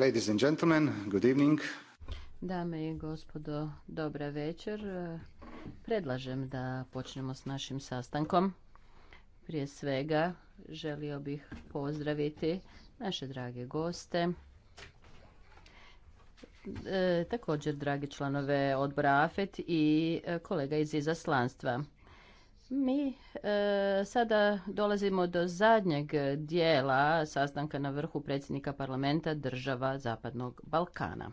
Ladies and gentlemen, good evening. Dame i gospodo, dobra večer. Predlažem da počnemo s našim sastankom. Prije svega želio bih pozdraviti naše drage goste, e, također dragi članove odbora AFET i e, kolega iz izaslanstva. Mi e, sada dolazimo do zadnjeg dijela sastanka na vrhu predsjednika parlamenta država Zapadnog Balkana.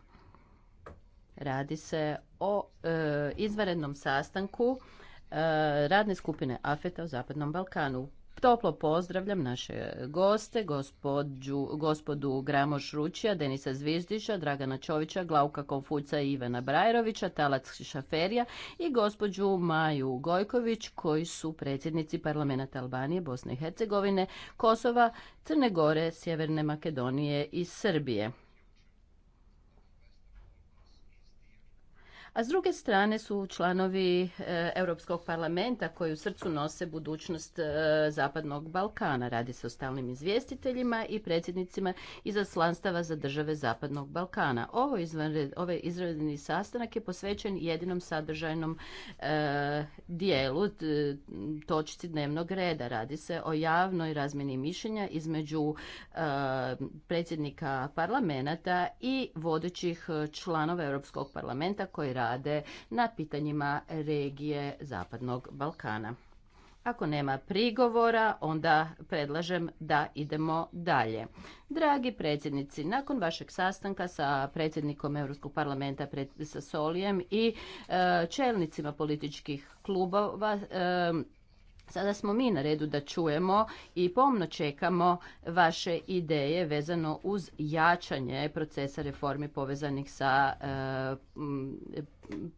Radi se o e, izvanrednom sastanku e, radne skupine AFETA u Zapadnom Balkanu. Toplo pozdravljam naše goste, gospodu gospodu Gramoš Ručija, Denisa Zvizdiša, Dragana Čovića, Glauka Konfuca i Ivana Brajrovića, Talac Šaferija i gospođu Maju Gojković, koji su predsjednici parlamenta Albanije, Bosne i Hercegovine, Kosova, Crne Gore, Sjeverne Makedonije i Srbije. a s druge strane su članovi e, Europskog parlamenta koji u srcu nose budućnost e, Zapadnog Balkana. Radi se o stalnim izvjestiteljima i predsjednicima izaslanstava za države Zapadnog Balkana. Ovo izvanred, ovaj izvanredni sastanak je posvećen jedinom sadržajnom e, dijelu točci dnevnog reda. Radi se o javnoj razmjeni mišljenja između predsjednika parlamenta i vodećih članova Europskog parlamenta koji rade rade na pitanjima regije Zapadnog Balkana. Ako nema prigovora, onda predlažem da idemo dalje. Dragi predsjednici, nakon vašeg sastanka sa predsjednikom Europskog parlamenta sa Solijem i e, čelnicima političkih klubova, e, Sada smo mi na redu da čujemo i pomno čekamo vaše ideje vezano uz jačanje procesa reformi povezanih sa e, Hvala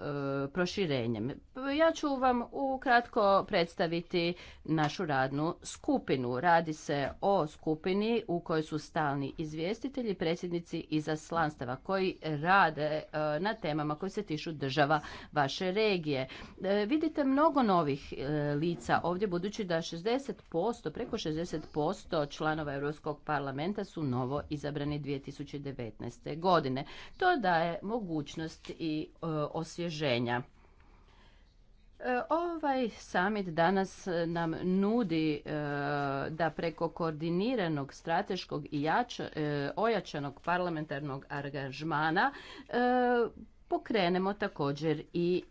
E, proširenjem. Ja ću vam ukratko predstaviti našu radnu skupinu. Radi se o skupini u kojoj su stalni izvjestitelji, predsjednici izaslanstava koji rade e, na temama koje se tišu država vaše regije. E, vidite mnogo novih lica ovdje budući da 60%, preko 60% članova Europskog parlamenta su novo izabrani 2019. godine. To daje mogućnost i osvježenje E, ovaj summit danas nam nudi e, da preko koordiniranog strateškog i e, ojačanog parlamentarnog angažmana pokrenemo također i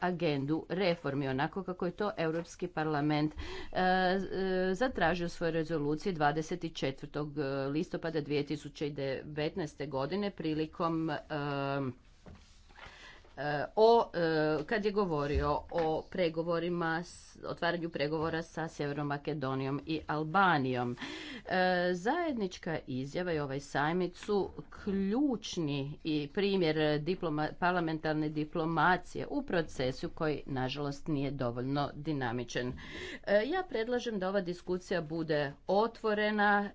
agendu reformi, onako kako je to Europski parlament e, e, zatražio svoje rezolucije 24. listopada 2019. godine prilikom E, o, e, kad je govorio o pregovorima, otvaranju pregovora sa Sjevernom Makedonijom i Albanijom. E, zajednička izjava i ovaj sajmit su ključni i primjer parlamentarne diplomacije u procesu koji, nažalost, nije dovoljno dinamičan. Ja predlažem da ova diskusija bude otvorena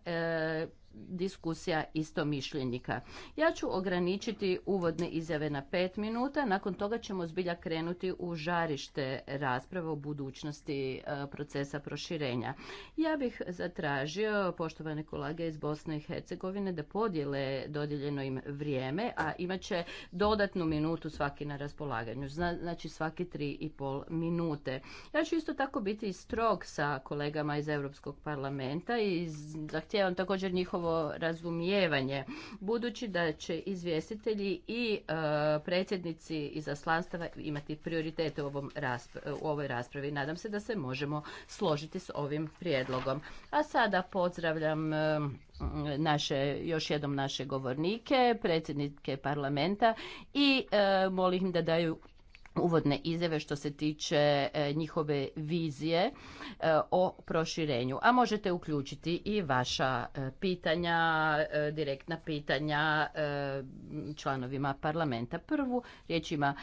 diskusija istomišljenika. Ja ću ograničiti uvodne izjave na pet minuta, nakon toga ćemo zbilja krenuti u žarište rasprave o budućnosti e, procesa proširenja. Ja bih zatražio poštovane kolege iz Bosne i Hercegovine da podijele dodijeljeno im vrijeme, a imat će dodatnu minutu svaki na raspolaganju, znači svaki tri i pol minute. Ja ću isto tako biti strog sa kolegama iz Europskog parlamenta i zahtijevam također njihov njihovo razumijevanje, budući da će izvjestitelji i e, predsjednici izaslanstava imati prioritete u, u ovoj raspravi. Nadam se da se možemo složiti s ovim prijedlogom. A sada pozdravljam e, naše, još jednom naše govornike, predsjednike parlamenta i e, molim da daju uvodne izjave što se tiče e, njihove vizije e, o proširenju. A možete uključiti i vaša e, pitanja, direktna pitanja članovima parlamenta. Prvu riječ ima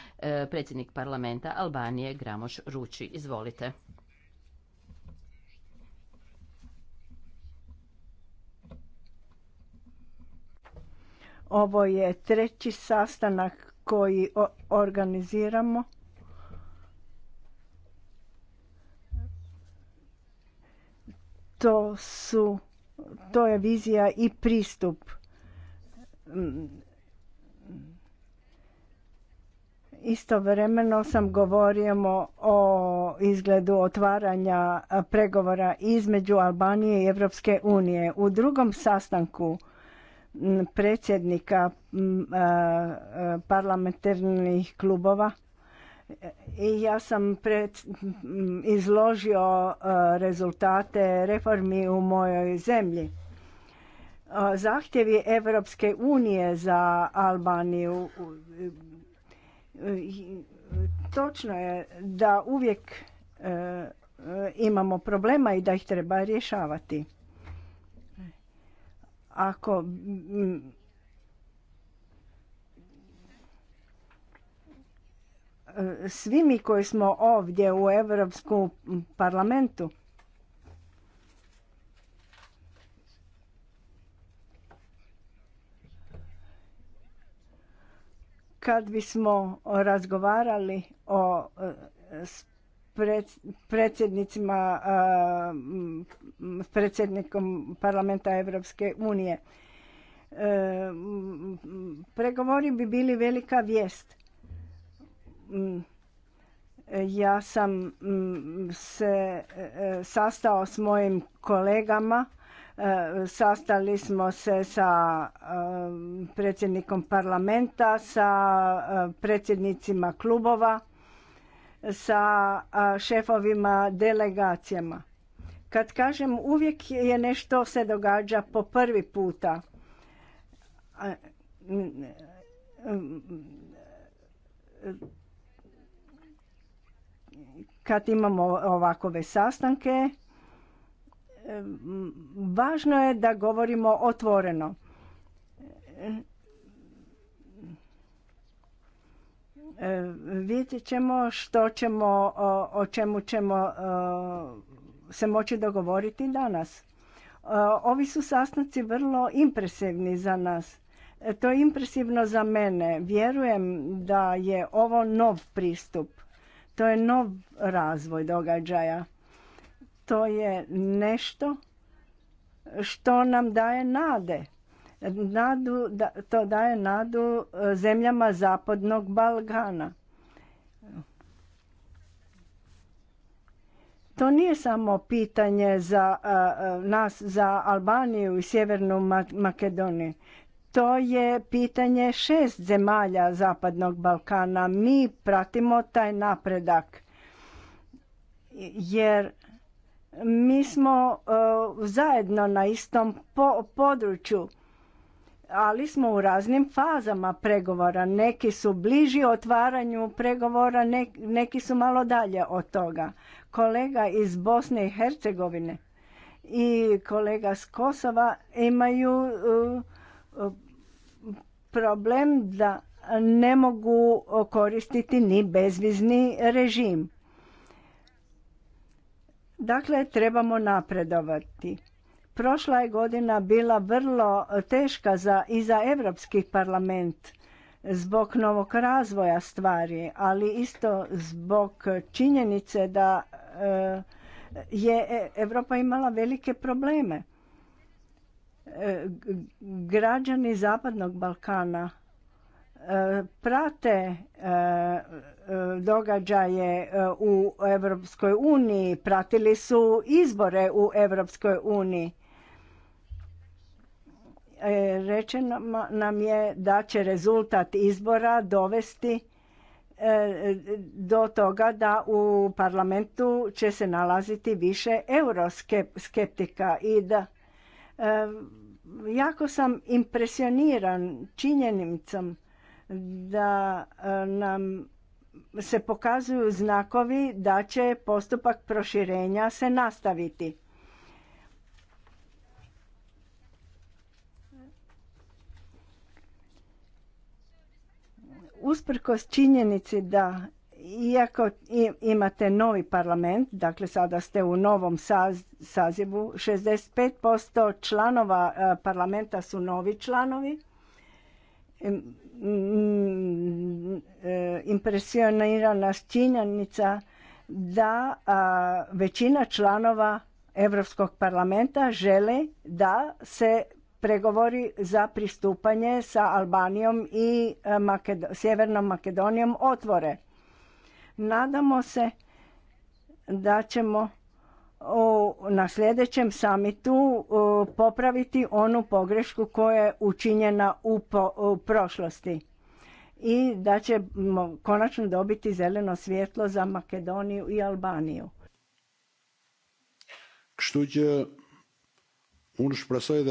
predsjednik parlamenta Albanije Gramoš Ruči. Izvolite. Ovo je treći sastanak koji organiziramo to su to je vizija i pristup istovremeno sam govorio o izgledu otvaranja pregovora između Albanije i Europske unije. U drugom sastanku predsjednika parlamentarnih klubova i ja sam pred, izložio rezultate reformi u mojoj zemlji. Zahtjevi Europske unije za Albaniju točno je da uvijek e, e, imamo problema i da ih treba rješavati. Ako svi mi koji smo ovdje u Europskom parlamentu kad bismo razgovarali o e, predsjednicima, predsjednikom parlamenta Europske unije. E, pregovori bi bili velika vijest. Mm, ja sam mm, se e, sastao s mojim kolegama e, Sastali smo se sa predsjednikom parlamenta, sa predsjednicima klubova sa šefovima delegacijama. Kad kažem uvijek je nešto se događa po prvi puta. Kad imamo ovakove sastanke, e, važno je da govorimo otvoreno e, Vidjet ćemo što ćemo, o čemu ćemo se moći dogovoriti danas. Ovi su sastanci vrlo impresivni za nas. E, to je impresivno za mene. Vjerujem da je ovo nov pristup. To je nov razvoj događaja. To je nešto što nam daje nade Nadu, da, to daje nadu e, zemljama zapadnog Balkana. To nije samo pitanje za e, e, nas, za Albaniju i Sjevernu Makedoniju. To je pitanje šest zemalja Zapadnog Balkana. Mi pratimo taj napredak jer mi smo zajedno na istom području ali smo u raznim fazama pregovora. Neki su bliži otvaranju pregovora, neki su malo dalje od toga. Kolega iz Bosne i Hercegovine i kolega s Kosova imaju problem da ne mogu koristiti ni bezvizni režim. Dakle, trebamo napredovati. Prošla je godina bila vrlo teška za, i za Europski parlament zbog novog razvoja stvari, ali isto zbog činjenice da e, je Europa imala velike probleme. E, građani Zapadnog Balkana e, prate događaje u Europskoj uniji, pratili su izbore u Europskoj uniji E, rečeno nam je da će rezultat izbora dovesti e, do toga da u parlamentu će se nalaziti više euroskeptika i da e, jako sam impresioniran činjenicom da nam se pokazuju znakovi da će postupak proširenja se nastaviti. usprkos činjenici da iako imate novi parlament, dakle sada ste u novom saz, sazivu, 65% članova e, parlamenta su novi članovi. Mm, e, impresionirana nas činjenica da većina članova Europskog parlamenta želi da se pregovori za pristupanje sa Albanijom i e, Sjevernom Makedonijom otvore. Nadamo se da ćemo na sljedećem samitu popraviti onu pogrešku koja je učinjena u, prošlosti i da ćemo konačno dobiti zeleno svjetlo za Makedoniju i Albaniju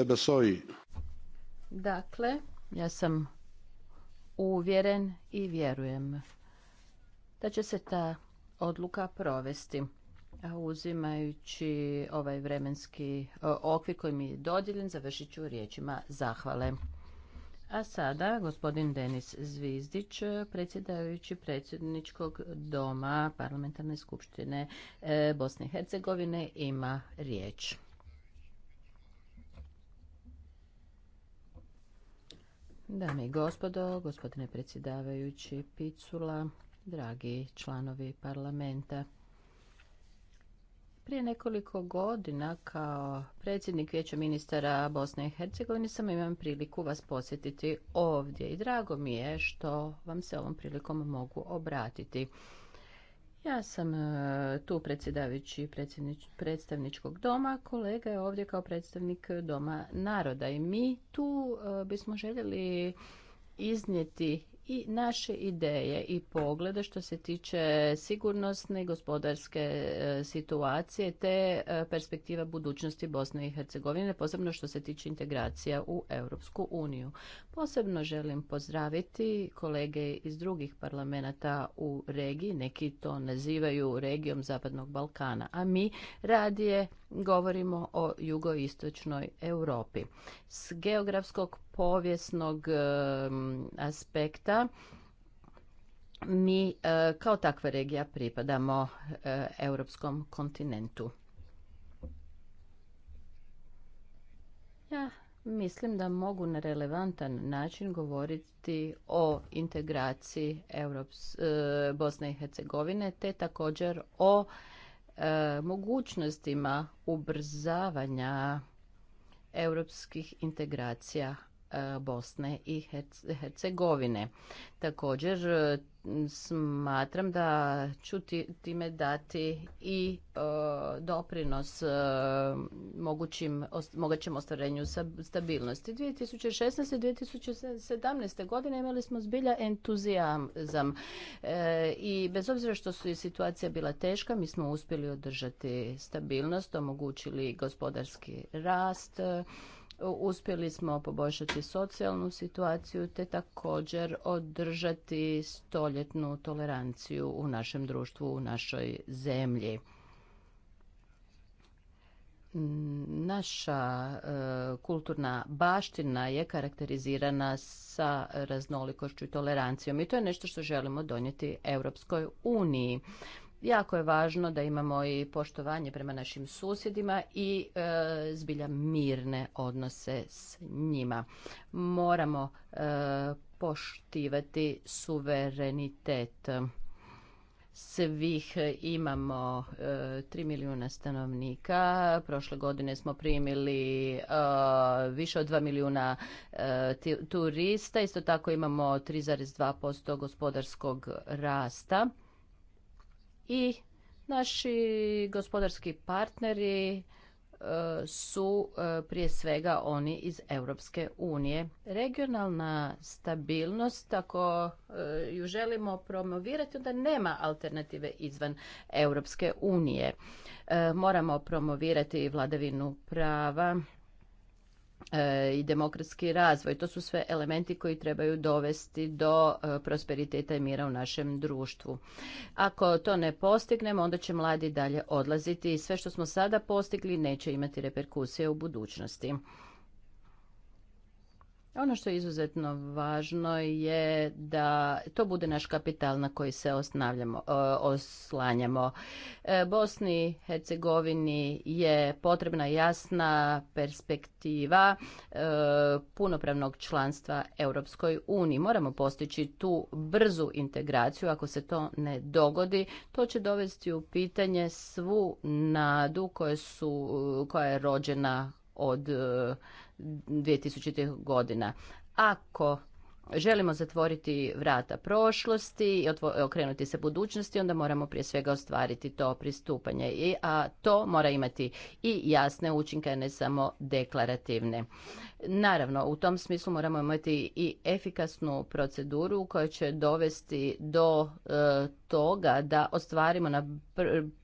besoj. Dakle, ja sam uvjeren i vjerujem da će se ta odluka provesti. A uzimajući ovaj vremenski okvir koji mi je dodjeljen, završit ću riječima zahvale. A sada gospodin Denis Zvizdić, predsjedajući predsjedničkog doma Parlamentarne skupštine e, Bosne i Hercegovine, ima riječ. Dame i gospodo, gospodine predsjedavajući Picula, dragi članovi parlamenta. Prije nekoliko godina kao predsjednik Vijeća ministara Bosne i Hercegovine sam imam priliku vas posjetiti ovdje i drago mi je što vam se ovom prilikom mogu obratiti. Ja sam e, tu predsjedavajući predstavničkog doma, kolega je ovdje kao predstavnik doma naroda i mi tu e, bismo željeli iznijeti i naše ideje i poglede što se tiče sigurnosne i gospodarske e, situacije te e, perspektiva budućnosti Bosne i Hercegovine, posebno što se tiče integracija u Europsku uniju. Posebno želim pozdraviti kolege iz drugih parlamenta u regiji, neki to nazivaju regijom Zapadnog Balkana, a mi radije govorimo o jugoistočnoj Europi. S geografskog povijesnog eh, aspekta mi eh, kao takva regija pripadamo eh, europskom kontinentu. Ja mislim da mogu na relevantan način govoriti o integraciji Europs, Bosne i Hercegovine te također o e, mogućnostima ubrzavanja europskih integracija E, Bosne i Hercegovine. Također e, smatram da ću time dati i e, doprinos mogućim, mogućem ostvarenju stabilnosti. 2016. i 2017. godine imali smo zbilja entuzijazam i bez obzira što su i situacija bila teška, mi smo uspjeli održati stabilnost, omogućili gospodarski rast, Uspjeli smo poboljšati socijalnu situaciju te također održati stoljetnu toleranciju u našem društvu, u našoj zemlji. Naša e, kulturna baština je karakterizirana sa raznolikošću i tolerancijom i to je nešto što želimo donijeti Europskoj uniji. Jako je važno da imamo i poštovanje prema našim susjedima i e, zbilja mirne odnose s njima. Moramo e, poštivati suverenitet. Svih imamo e, 3 milijuna stanovnika. Prošle godine smo primili e, više od 2 milijuna turista. Isto tako imamo 3,2% gospodarskog rasta i naši gospodarski partneri e, su e, prije svega oni iz Europske unije. Regionalna stabilnost, ako e, ju želimo promovirati, onda nema alternative izvan Europske unije. Moramo promovirati vladavinu prava, E, i demokratski razvoj. To su sve elementi koji trebaju dovesti do e, prosperiteta i mira u našem društvu. Ako to ne postignemo, onda će mladi dalje odlaziti i sve što smo sada postigli neće imati reperkusije u budućnosti. Ono što je izuzetno važno je da to bude naš kapital na koji se oslanjamo. E, Bosni i Hercegovini je potrebna jasna perspektiva e, punopravnog članstva Europskoj uniji. Moramo postići tu brzu integraciju. Ako se to ne dogodi, to će dovesti u pitanje svu nadu koja je rođena od 2000. godina. Ako želimo zatvoriti vrata prošlosti i okrenuti se budućnosti, onda moramo prije svega ostvariti to pristupanje. I, a to mora imati i jasne učinke, ne samo deklarativne. Naravno, u tom smislu moramo imati i efikasnu proceduru koja će dovesti do e, toga da ostvarimo na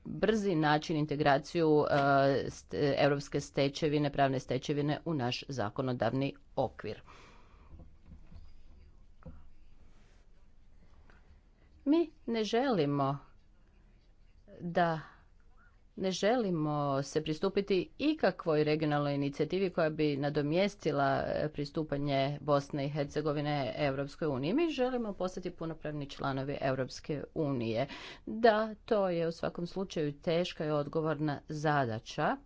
brzi način integraciju e, europske stečevine, pravne stečevine u naš zakonodavni okvir. Mi ne želimo da ne želimo se pristupiti ikakvoj regionalnoj inicijativi koja bi nadomjestila e, pristupanje Bosne i Hercegovine Europskoj uniji. Mi želimo postati punopravni članovi Europske unije. Da, to je u svakom slučaju teška i odgovorna zadaća.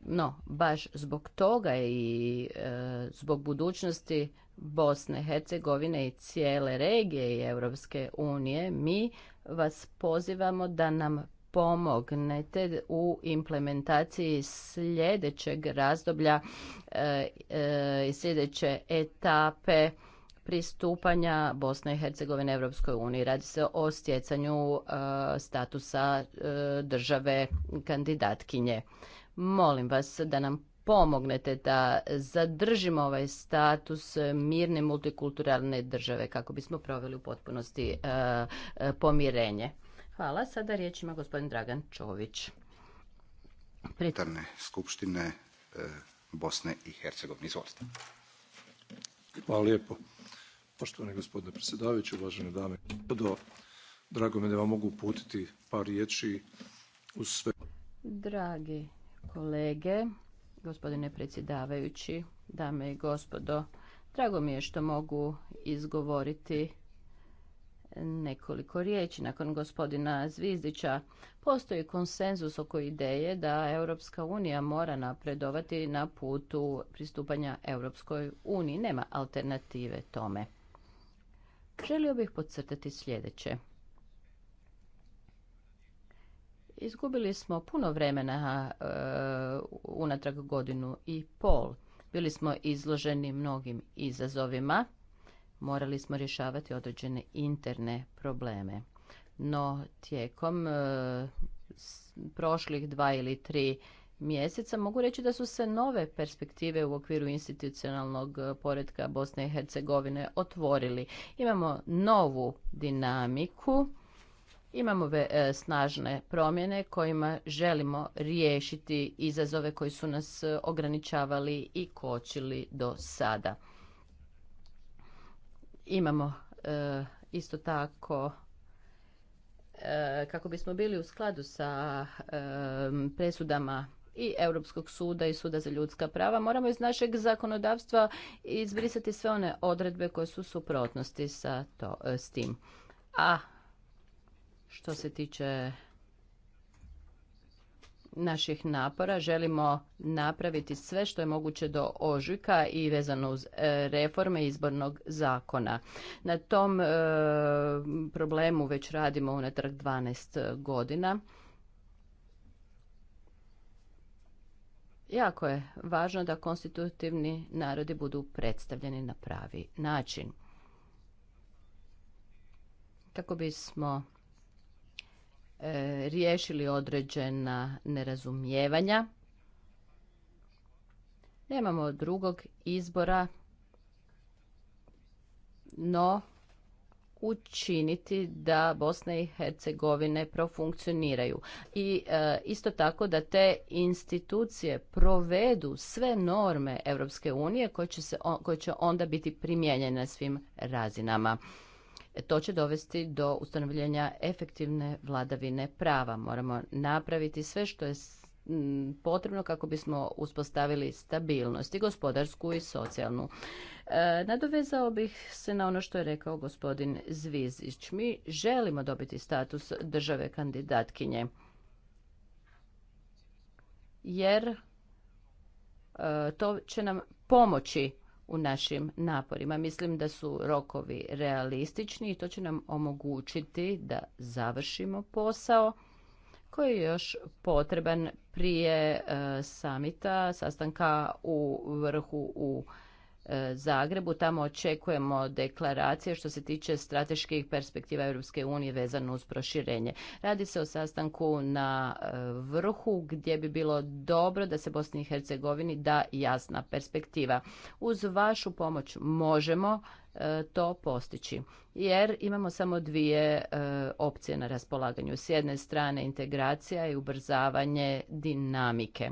No, baš zbog toga i e, zbog budućnosti Bosne, Hercegovine i cijele regije i Europske unije, mi vas pozivamo da nam pomognete u implementaciji sljedećeg razdoblja e, e, i sljedeće etape pristupanja Bosne i Hercegovine Europskoj uniji. Radi se o stjecanju e, statusa države kandidatkinje. Molim vas da nam pomognete da zadržimo ovaj status mirne multikulturalne države kako bismo proveli u potpunosti e, e, pomirenje. Hvala. Sada riječ ima gospodin Dragan Čović. Pritarne skupštine e, Bosne i Hercegovine. Izvolite. Hvala lijepo. Poštovani gospodine predsjedavajući, uvažene dame drago mi da vam mogu uputiti par riječi u sve. Dragi kolege, gospodine predsjedavajući, dame i gospodo. Drago mi je što mogu izgovoriti nekoliko riječi nakon gospodina Zvizdića. Postoji konsenzus oko ideje da Europska unija mora napredovati na putu pristupanja Europskoj uniji. Nema alternative tome. Želio bih podcrtati sljedeće. Izgubili smo puno vremena e, unatrag godinu i pol. Bili smo izloženi mnogim izazovima, morali smo rješavati određene interne probleme. No tijekom e, prošlih dva ili tri mjeseca mogu reći da su se nove perspektive u okviru institucionalnog e, poredka Bosne i Hercegovine otvorili. Imamo novu dinamiku Imamo e, snažne promjene kojima želimo riješiti izazove koji su nas e, ograničavali i kočili do sada. Imamo e, isto tako kako bismo bili u skladu sa presudama i Europskog suda i Suda za ljudska prava, moramo iz našeg zakonodavstva izbrisati sve one odredbe koje su suprotnosti sa to, s tim. A što se tiče naših napora želimo napraviti sve što je moguće do ožujka i vezano uz e, reforme izbornog zakona. Na tom e, problemu već radimo unatrag 12 godina. Jako je važno da konstitutivni narodi budu predstavljeni na pravi način. Kako bismo E, riješili određena nerazumijevanja. Nemamo drugog izbora, no učiniti da Bosne i Hercegovine profunkcioniraju. I e, isto tako da te institucije provedu sve norme Europske unije koje će onda biti primijenjene na svim razinama. To će dovesti do ustanovljenja efektivne vladavine prava. Moramo napraviti sve što je potrebno kako bismo uspostavili stabilnost i gospodarsku i socijalnu. E, nadovezao bih se na ono što je rekao gospodin Zvizić. Mi želimo dobiti status države kandidatkinje. Jer e, to će nam pomoći u našim naporima. Mislim da su rokovi realistični i to će nam omogućiti da završimo posao koji je još potreban prije e, samita, sastanka u vrhu u E, Zagrebu. Tamo očekujemo deklaracije što se tiče strateških perspektiva Europske unije vezano uz proširenje. Radi se o sastanku na e, vrhu gdje bi bilo dobro da se Bosni i Hercegovini da jasna perspektiva. Uz vašu pomoć možemo e, to postići. Jer imamo samo dvije opcije na raspolaganju. S jedne strane integracija i ubrzavanje dinamike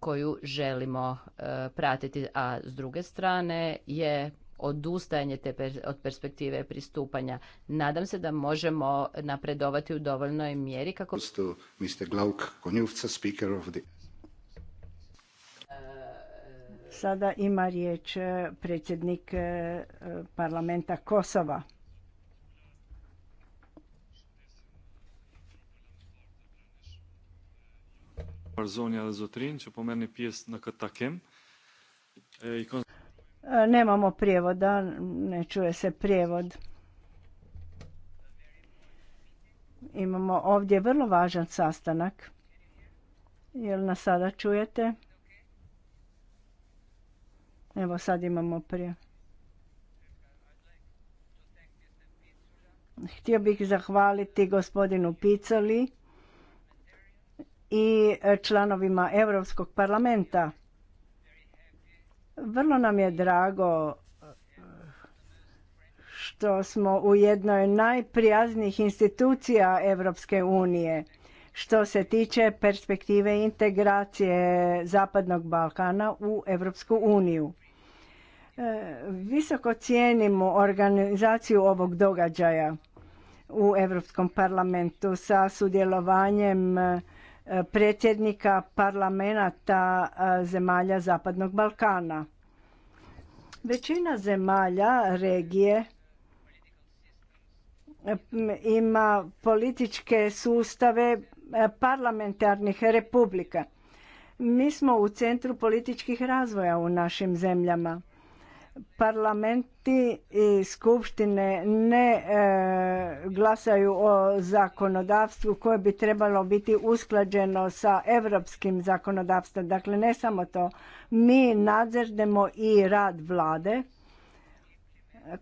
koju želimo e, pratiti, a s druge strane je odustajanje te od perspektive pristupanja. Nadam se da možemo napredovati u dovoljnoj mjeri kako... Mr. Glauk, Konjuvca, speaker of the... Sada ima riječ e, predsjednik e, parlamenta Kosova. po Nemamo prijevoda, ne čuje se prijevod. Imamo ovdje vrlo važan sastanak. Jel nas sada čujete? Evo sad imamo prije. Htio bih zahvaliti gospodinu Picoli i članovima Europskog parlamenta. Vrlo nam je drago eh, što smo u jednoj najprijaznijih institucija Europske unije što se tiče perspektive integracije Zapadnog Balkana u Europsku uniju. Eh, visoko cijenimo organizaciju ovog događaja u Europskom parlamentu sa sudjelovanjem eh, predsjednika parlamenta zemalja Zapadnog Balkana. Većina zemalja regije ima političke sustave parlamentarnih republika. Mi smo u centru političkih razvoja u našim zemljama parlamenti i skupštine ne e, glasaju o zakonodavstvu koje bi trebalo biti usklađeno sa europskim zakonodavstvom. Dakle, ne samo to. Mi nadzirnemo i rad vlade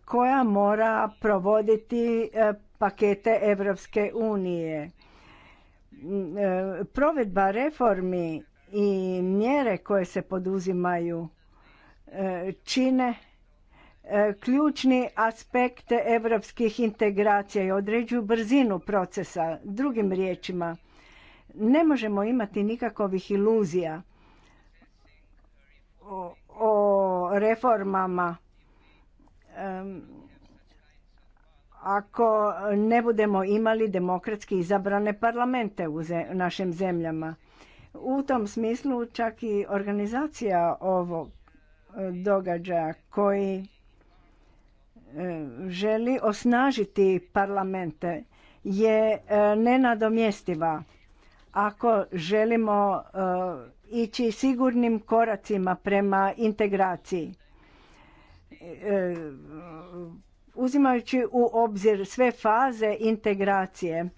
koja mora provoditi e, pakete Evropske unije. E, provedba reformi i mjere koje se poduzimaju čine E, ključni aspekt europskih integracija i određuju brzinu procesa. Drugim riječima, ne možemo imati nikakvih iluzija o, reformama ako ne budemo imali demokratski izabrane parlamente u našim zemljama. U tom smislu čak i organizacija ovog e, događaja koji E, želi osnažiti parlamente je e, nenadomjestiva ako želimo e, ići sigurnim koracima prema integraciji uzimajući u obzir sve faze integracije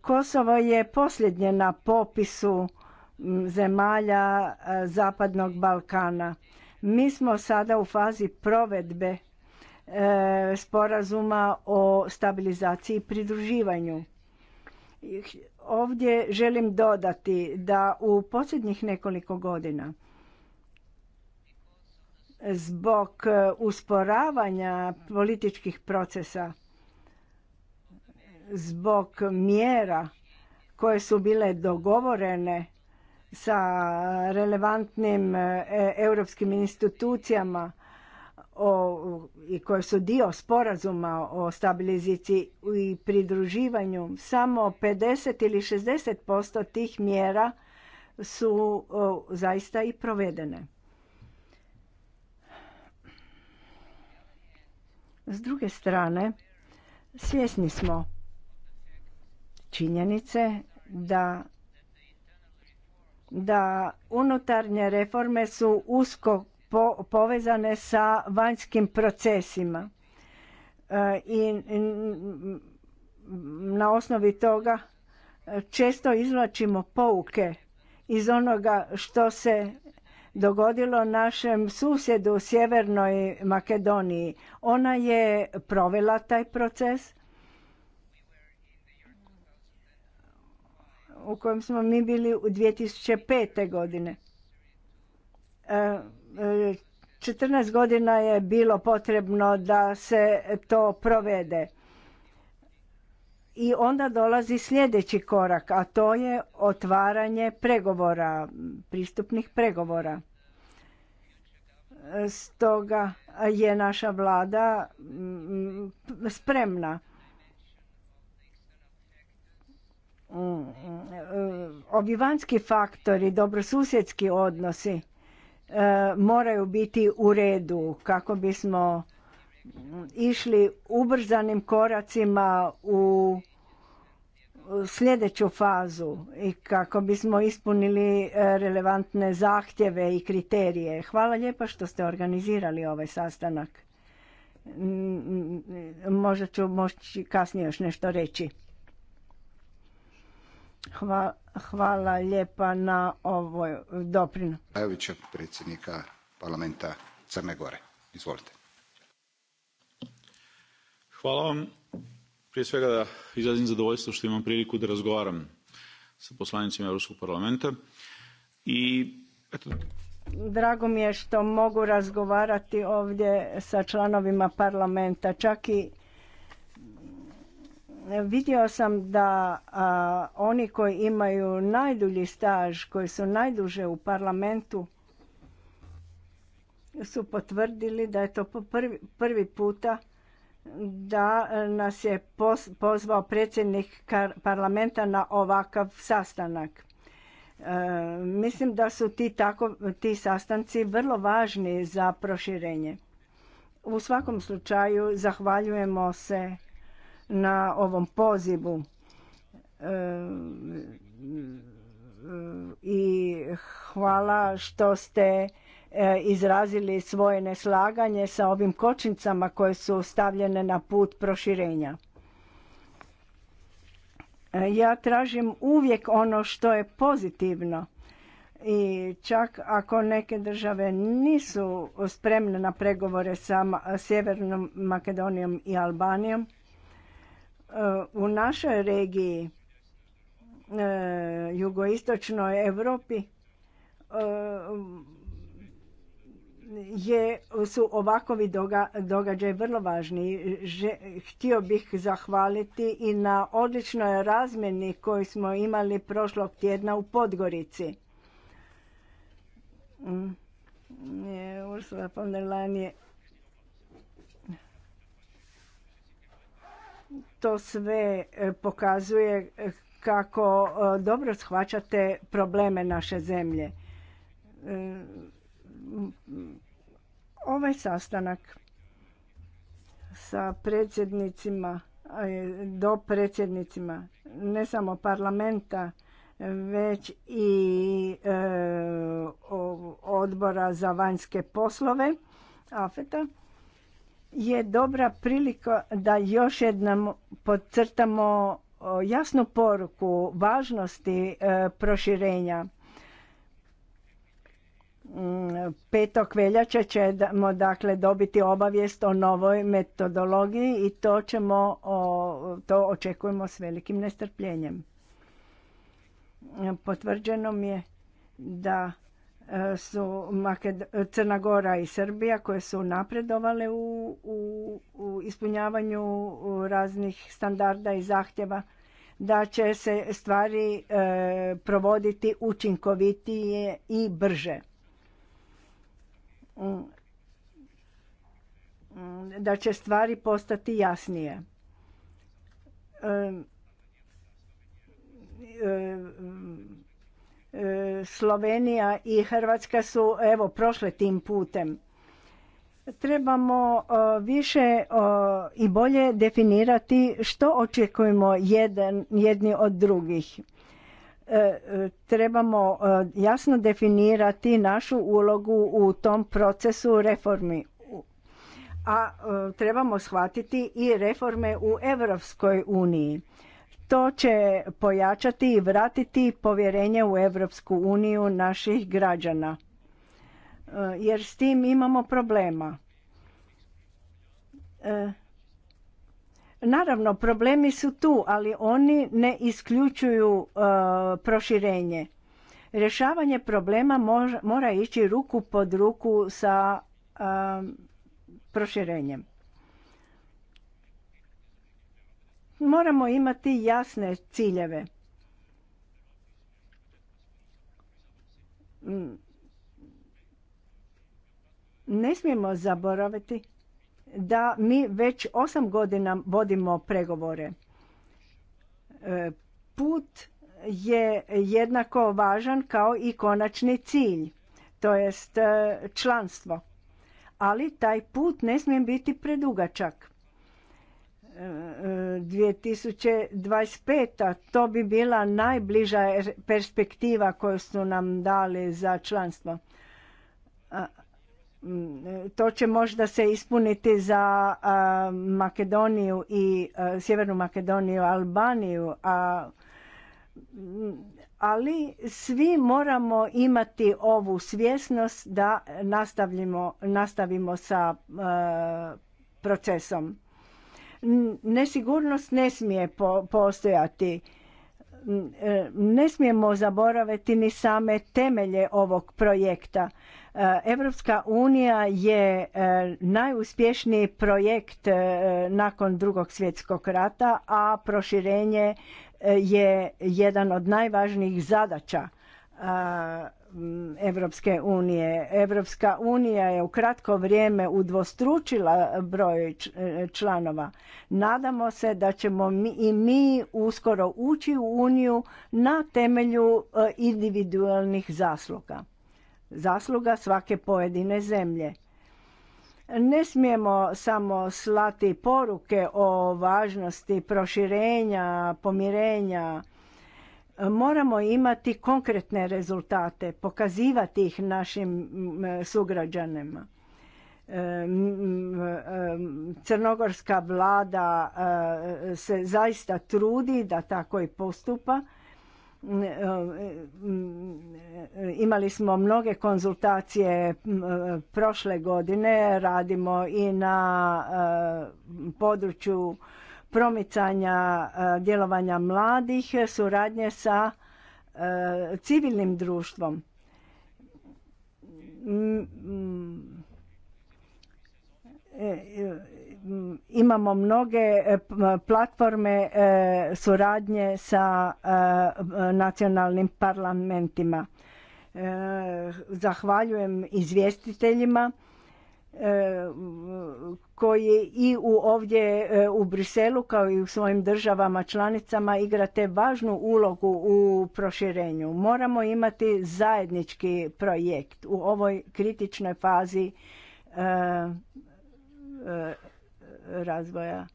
Kosovo je posljednje na popisu zemalja zapadnog Balkana mi smo sada u fazi provedbe E, sporazuma o stabilizaciji i pridruživanju. Ovdje želim dodati da u posljednjih nekoliko godina zbog usporavanja političkih procesa, zbog mjera koje su bile dogovorene sa relevantnim e, europskim institucijama i koje su dio sporazuma o stabilizici i pridruživanju, samo 50 ili 60% tih mjera su zaista i provedene. S druge strane, svjesni smo činjenice da da unutarnje reforme su usko povezane sa vanjskim procesima e, i na osnovi toga e, često izvlačimo pouke iz onoga što se dogodilo našem susjedu u Sjevernoj Makedoniji. Ona je provela taj proces u kojem smo mi bili u 2005. godine. E, 14 godina je bilo potrebno da se to provede. I onda dolazi sljedeći korak, a to je otvaranje pregovora, pristupnih pregovora. Stoga je naša vlada mm, spremna mm, mm, ovi vanjski faktori, dobrosusjedski odnosi E, moraju biti u redu kako bismo išli ubrzanim koracima u sljedeću fazu i kako bismo ispunili e, relevantne zahtjeve i kriterije. Hvala lijepa što ste organizirali ovaj sastanak. Možda ću moći kasnije još nešto reći hvala lijepa na ovoj doprinu. Ajovića, predsjednika parlamenta Crne Gore. Izvolite. Hvala vam. Prije svega da izrazim zadovoljstvo što imam priliku da razgovaram sa poslanicima Europskog parlamenta. I eto, Drago mi je što mogu razgovarati ovdje sa članovima parlamenta, čak i Vidio sam da oni koji imaju najdulji staž, koji su najduže u parlamentu, su potvrdili da je to prvi, prvi puta da nas je pozvao predsjednik parlamenta na ovakav sastanak. E, mislim da su ti, tako, ti sastanci vrlo važni za proširenje. U svakom slučaju zahvaljujemo se na ovom pozivu e, i hvala što ste e, izrazili svoje neslaganje sa ovim kočnicama koje su stavljene na put proširenja. E, ja tražim uvijek ono što je pozitivno i čak ako neke države nisu spremne na pregovore sa Sjevernom Makedonijom i Albanijom, u našoj regiji, e, jugoistočnoj Europi, e, su ovakovi događaj vrlo važni. htio bih zahvaliti i na odličnoj razmjeni koju smo imali prošlog tjedna u Podgorici. Mm. Ursula von je To sve e, pokazuje e, kako e, dobro shvaćate probleme naše zemlje. Ovaj sastanak sa predsjednicima, do predsjednicima ne samo parlamenta, već i odbora za vanjske poslove, AFETA, je dobra prilika da još jednom podcrtamo jasnu poruku važnosti e, proširenja. Mm, petog veljače ćemo dakle dobiti obavijest o novoj metodologiji i to ćemo to očekujemo s velikim nestrpljenjem. Potvrđeno mi je da su Crna Gora i Srbija koje su napredovale u, ispunjavanju raznih standarda i zahtjeva da će se stvari e, provoditi učinkovitije i brže. Mm. Mm, da će stvari postati jasnije. e, e E, Slovenija i Hrvatska su evo prošle tim putem. Trebamo e, više e, i bolje definirati što očekujemo jedan, jedni od drugih. Trebamo jasno definirati našu ulogu u tom procesu reformi. A trebamo shvatiti i reforme u Europskoj uniji to će pojačati i vratiti povjerenje u Europsku uniju naših građana. E, jer s tim imamo problema. E, naravno, problemi su tu, ali oni ne isključuju e, proširenje. Rješavanje problema mora ići ruku pod ruku sa proširenjem. Moramo imati jasne ciljeve. Mm. Ne smijemo zaboraviti da mi već osam godina vodimo pregovore. E, put je jednako važan kao i konačni cilj, to jest e, članstvo. Ali taj put ne smije biti predugačak. 2025. to bi bila najbliža er, perspektiva koju su nam dali za članstvo. Mm, to će možda se ispuniti za Makedoniju i Sjevernu Makedoniju, Albaniju, a mm, ali svi moramo imati ovu svjesnost da nastavimo, nastavimo sa procesom. Nesigurnost ne smije postojati. Mm, e, ne smijemo zaboraviti ni same temelje ovog projekta. E, Evropska unija je e, najuspješniji projekt nakon drugog svjetskog rata, a proširenje je jedan od najvažnijih zadaća Mm, Evropske unije. Evropska unija je u kratko vrijeme udvostručila broj e, članova. Nadamo se da ćemo mi i mi uskoro ući u uniju na temelju e, individualnih zasluga. Zasluga svake pojedine zemlje. Ne smijemo samo slati poruke o važnosti proširenja, pomirenja, Moramo imati konkretne rezultate, pokazivati ih našim sugrađanima. E, e, crnogorska vlada e, se zaista trudi da tako i postupa. Imali smo mnoge konzultacije prošle godine, radimo i na području promicanja e, djelovanja mladih, suradnje sa e, civilnim društvom. Mm, mm, e, imamo mnoge platforme suradnje sa nacionalnim parlamentima. Zahvaljujem izvjestiteljima koji i u ovdje e, u Briselu kao i u svojim državama članicama igrate važnu ulogu u proširenju. Moramo imati zajednički projekt u ovoj kritičnoj fazi e, e, razvoja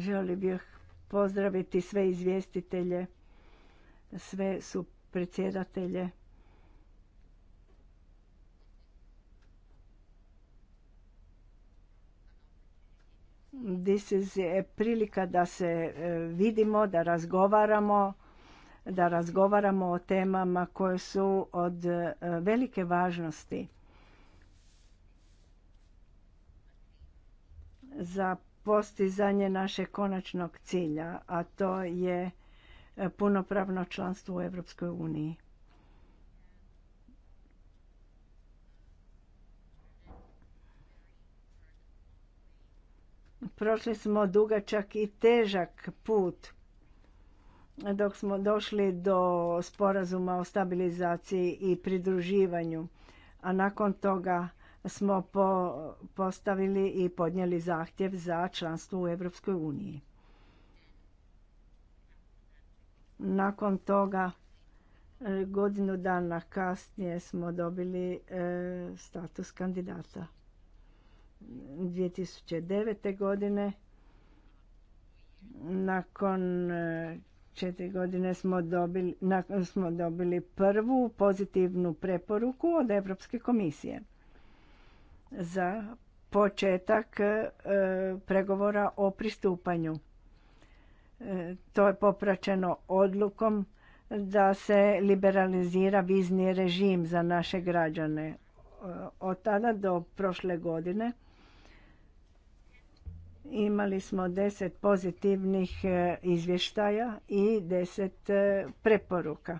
Želio bih pozdraviti sve izvjestitelje, sve su predsjedatelje. This je prilika da se e, vidimo, da razgovaramo, da razgovaramo o temama koje su od e, velike važnosti za postizanje našeg konačnog cilja, a to je e, punopravno članstvo u Europskoj uniji. Prošli smo dugačak i težak put dok smo došli do sporazuma o stabilizaciji i pridruživanju, a nakon toga smo postavili i podnijeli zahtjev za članstvo u Europskoj uniji. Nakon toga e, godinu dana kasnije smo dobili e, status kandidata. 2009. godine nakon e, četiri godine smo dobili, nakon smo dobili prvu pozitivnu preporuku od Europske komisije za početak e, pregovora o pristupanju. E, to je popraćeno odlukom da se liberalizira vizni režim za naše građane. E, od tada do prošle godine imali smo deset pozitivnih izvještaja i deset preporuka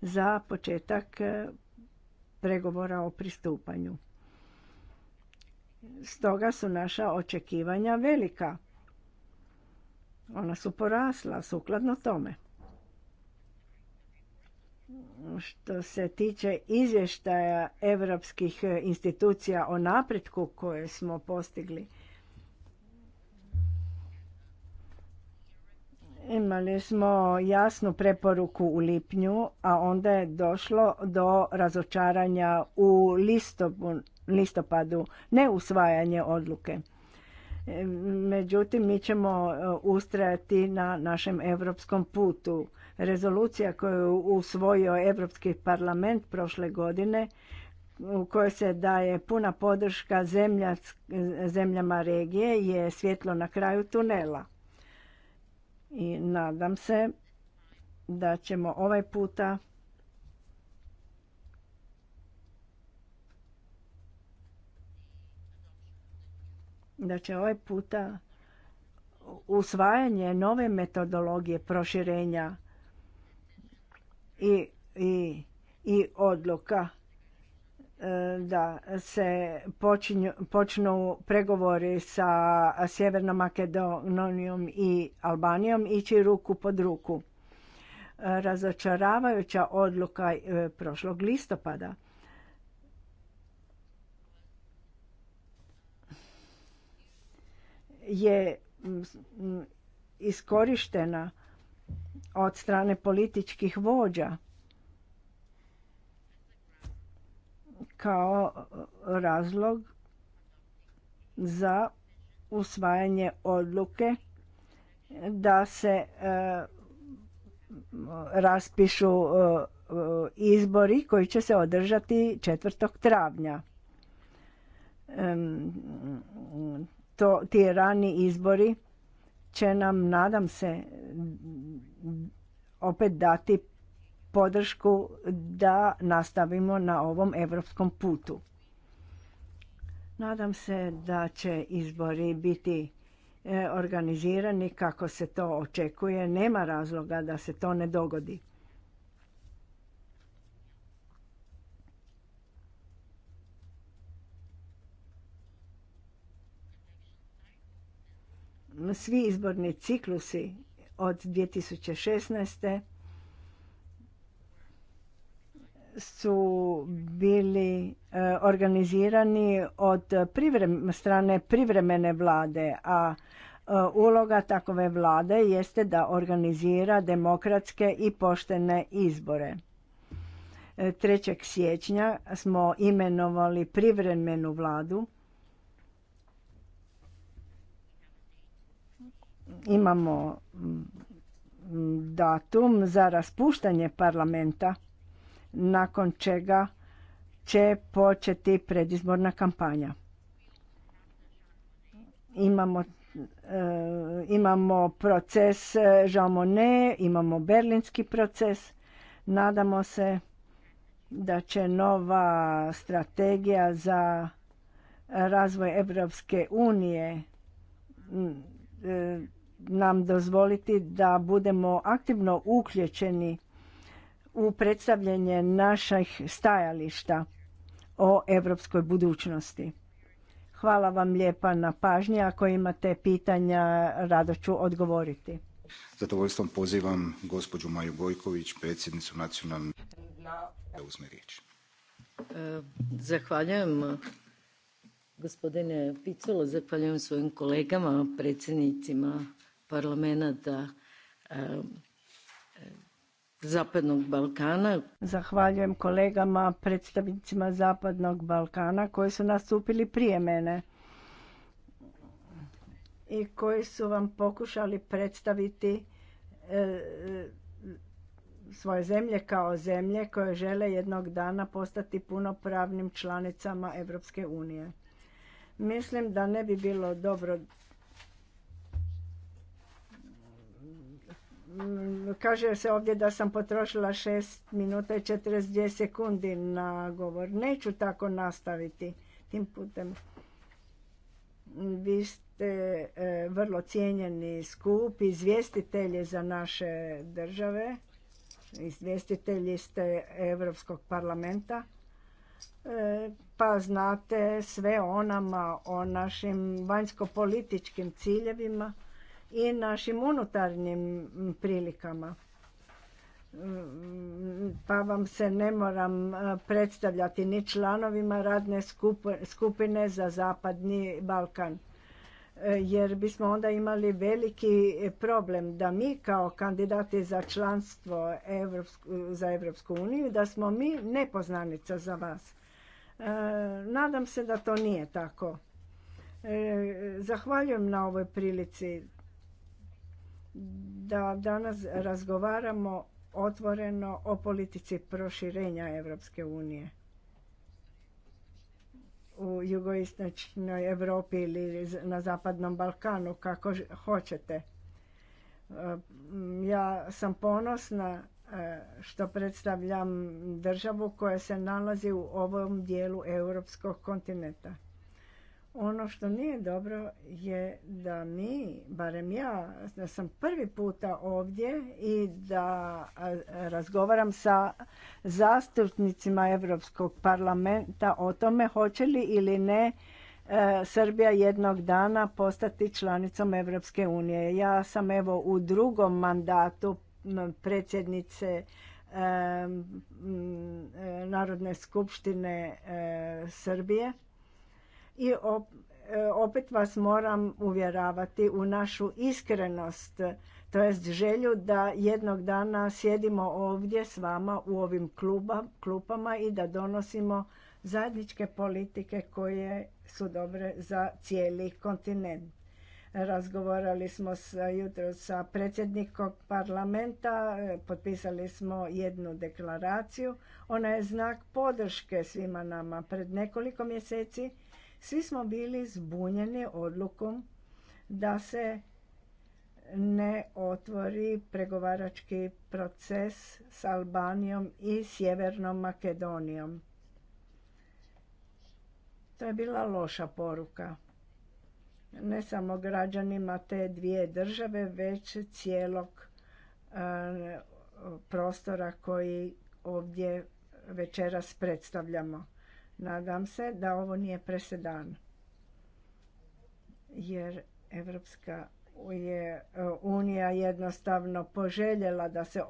za početak pregovora o pristupanju. Stoga su naša očekivanja velika. Ona su porasla sukladno tome. Što se tiče izvještaja europskih institucija o napretku koje smo postigli, Imali smo jasnu preporuku u lipnju, a onda je došlo do razočaranja u listopadu listopadu neusvajanje odluke. E, međutim, mi ćemo e, ustrajati na našem europskom putu. Rezolucija koju je usvojio Evropski parlament prošle godine, u kojoj se daje puna podrška zemljama regije, je svjetlo na kraju tunela. I nadam se da ćemo ovaj puta da će ovaj puta usvajanje nove metodologije proširenja i, i, i odluka e, da se počinju, počnu pregovori sa Sjevernom Makedonijom i Albanijom ići ruku pod ruku. E, razočaravajuća odluka e, prošlog listopada je iskorištena od strane političkih vođa kao e, razlog za usvajanje odluke da se e, raspišu e, izbori koji će se održati 4. travnja to, ti rani izbori će nam, nadam se, opet dati podršku da nastavimo na ovom evropskom putu. Nadam se da će izbori biti e, organizirani kako se to očekuje. Nema razloga da se to ne dogodi. svi izborni ciklusi od 2016. su bili e, organizirani od strane privremene vlade, a e, uloga takove vlade jeste da organizira demokratske i poštene izbore. 3. E, siječnja smo imenovali privremenu vladu imamo mm, mm, datum za raspuštanje parlamenta nakon čega će početi predizborna kampanja. Imamo, eh, imamo proces eh, Jean Monnet, imamo berlinski proces. Nadamo se da će nova strategija za razvoj Evropske unije mm, eh, nam dozvoliti da budemo aktivno uključeni u predstavljanje naših stajališta o europskoj budućnosti. Hvala vam lijepa na pažnji. Ako imate pitanja, rado ću odgovoriti. Zadovoljstvom pozivam gospođu Maju Gojković, predsjednicu nacionalne da uzme riječ. E, zahvaljujem gospodine Picolo, zahvaljujem svojim kolegama, predsjednicima parlamenta e, e, Zapadnog Balkana. Zahvaljujem kolegama, predstavnicima Zapadnog Balkana koji su nastupili prije mene i koji su vam pokušali predstaviti e, svoje zemlje kao zemlje koje žele jednog dana postati punopravnim članicama Europske unije. Mislim da ne bi bilo dobro Mm, kaže se ovdje da sam potrošila 6 minuta i 42 sekundi na govor. Neću tako nastaviti tim putem. Vi ste e, vrlo cijenjeni skup, izvjestitelji za naše države, izvjestitelji ste Europskog parlamenta, e, pa znate sve o nama, o našim vanjskopolitičkim ciljevima i našim unutarnjim prilikama. Pa vam se ne moram e, predstavljati ni članovima radne skupine za Zapadni Balkan. E, jer bismo onda imali veliki problem da mi kao kandidati za članstvo za Evropsku uniju, da smo mi nepoznanica za vas. E, nadam se da to nije tako. Zahvaljujem na ovoj prilici da danas razgovaramo otvoreno o politici proširenja Europske unije u jugoistočnoj Europi ili na zapadnom Balkanu kako hoćete. E, ja sam ponosna e, što predstavljam državu koja se nalazi u ovom dijelu europskog kontinenta. Ono što nije dobro je da mi, barem ja, da sam prvi puta ovdje i da razgovaram sa zastupnicima Europskog parlamenta o tome hoće li ili ne e, Srbija jednog dana postati članicom Europske unije. Ja sam evo u drugom mandatu predsjednice e, Narodne skupštine e, Srbije i e, opet vas moram uvjeravati u našu iskrenost, to jest želju da jednog dana sjedimo ovdje s vama u ovim kluba, klupama i da donosimo zajedničke politike koje su dobre za cijeli kontinent. Razgovarali smo s jutro sa predsjednikom parlamenta, e, potpisali smo jednu deklaraciju. Ona je znak podrške svima nama. Pred nekoliko mjeseci svi smo bili zbunjeni odlukom da se ne otvori pregovarački proces s Albanijom i Sjevernom Makedonijom. To je bila loša poruka. Ne samo građanima te dvije države, već cijelog e, prostora koji ovdje večeras predstavljamo. Nadam se da ovo nije presedan. Jer Evropska je e, Unija jednostavno poželjela da se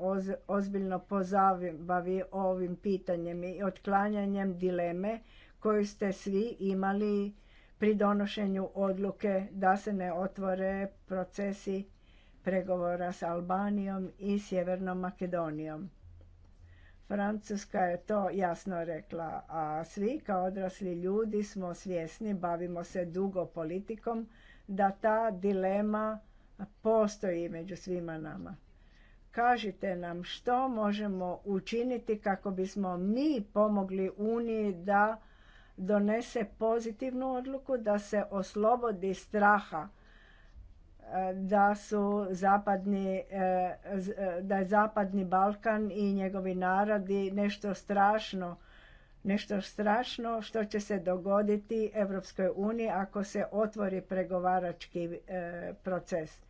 ozbiljno pozabavi ovim pitanjem i otklanjanjem dileme koju ste svi imali pri donošenju odluke da se ne otvore procesi pregovora s Albanijom i Sjevernom Makedonijom. Francuska je to jasno rekla, a svi kao odrasli ljudi smo svjesni, bavimo se dugo politikom, da ta dilema postoji među svima nama. Kažite nam što možemo učiniti kako bismo mi pomogli Uniji da donese pozitivnu odluku, da se oslobodi straha da su zapadni, e, e, da je zapadni Balkan i njegovi narodi nešto strašno, nešto strašno što će se dogoditi Europskoj uniji ako se otvori pregovarački e, proces.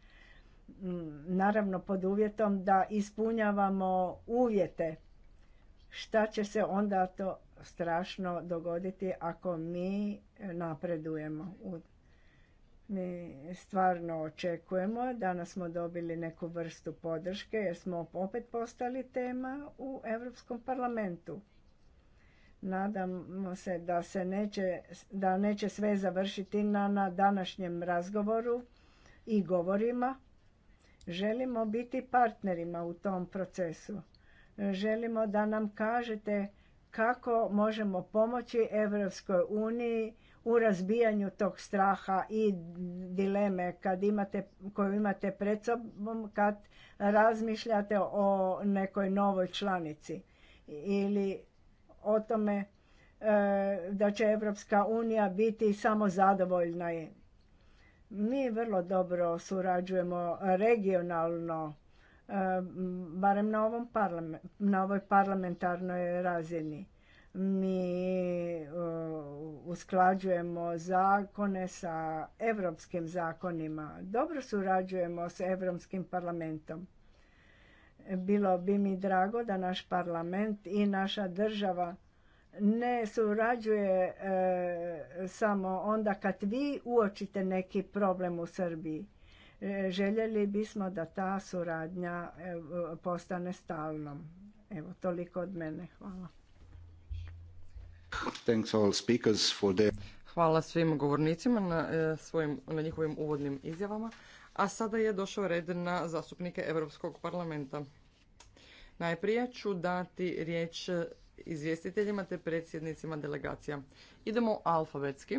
Mm, naravno pod uvjetom da ispunjavamo uvjete. Šta će se onda to strašno dogoditi ako mi napredujemo u mi stvarno očekujemo, danas smo dobili neku vrstu podrške jer smo opet postali tema u Europskom parlamentu. Nadamo se da se neće, da neće sve završiti na, današnjem razgovoru i govorima. Želimo biti partnerima u tom procesu. Želimo da nam kažete kako možemo pomoći Europskoj uniji u razbijanju tog straha i dileme kad imate, koju imate pred sobom kad razmišljate o nekoj novoj članici ili o tome e, da će Evropska unija biti samo zadovoljna. Mi vrlo dobro surađujemo regionalno, e, barem na, ovom na ovoj parlamentarnoj razini mi e, usklađujemo zakone sa evropskim zakonima. Dobro surađujemo s Evropskim parlamentom. Bilo bi mi drago da naš parlament i naša država ne surađuje e, samo onda kad vi uočite neki problem u Srbiji. E, željeli bismo da ta suradnja postane stalnom. Evo, toliko od mene. Hvala. Hvala svim govornicima e, na, njihovim uvodnim izjavama. A sada je došao red na zastupnike Europskog parlamenta. Najprije ću dati riječ e, izvjestiteljima te predsjednicima delegacija. Idemo alfabetski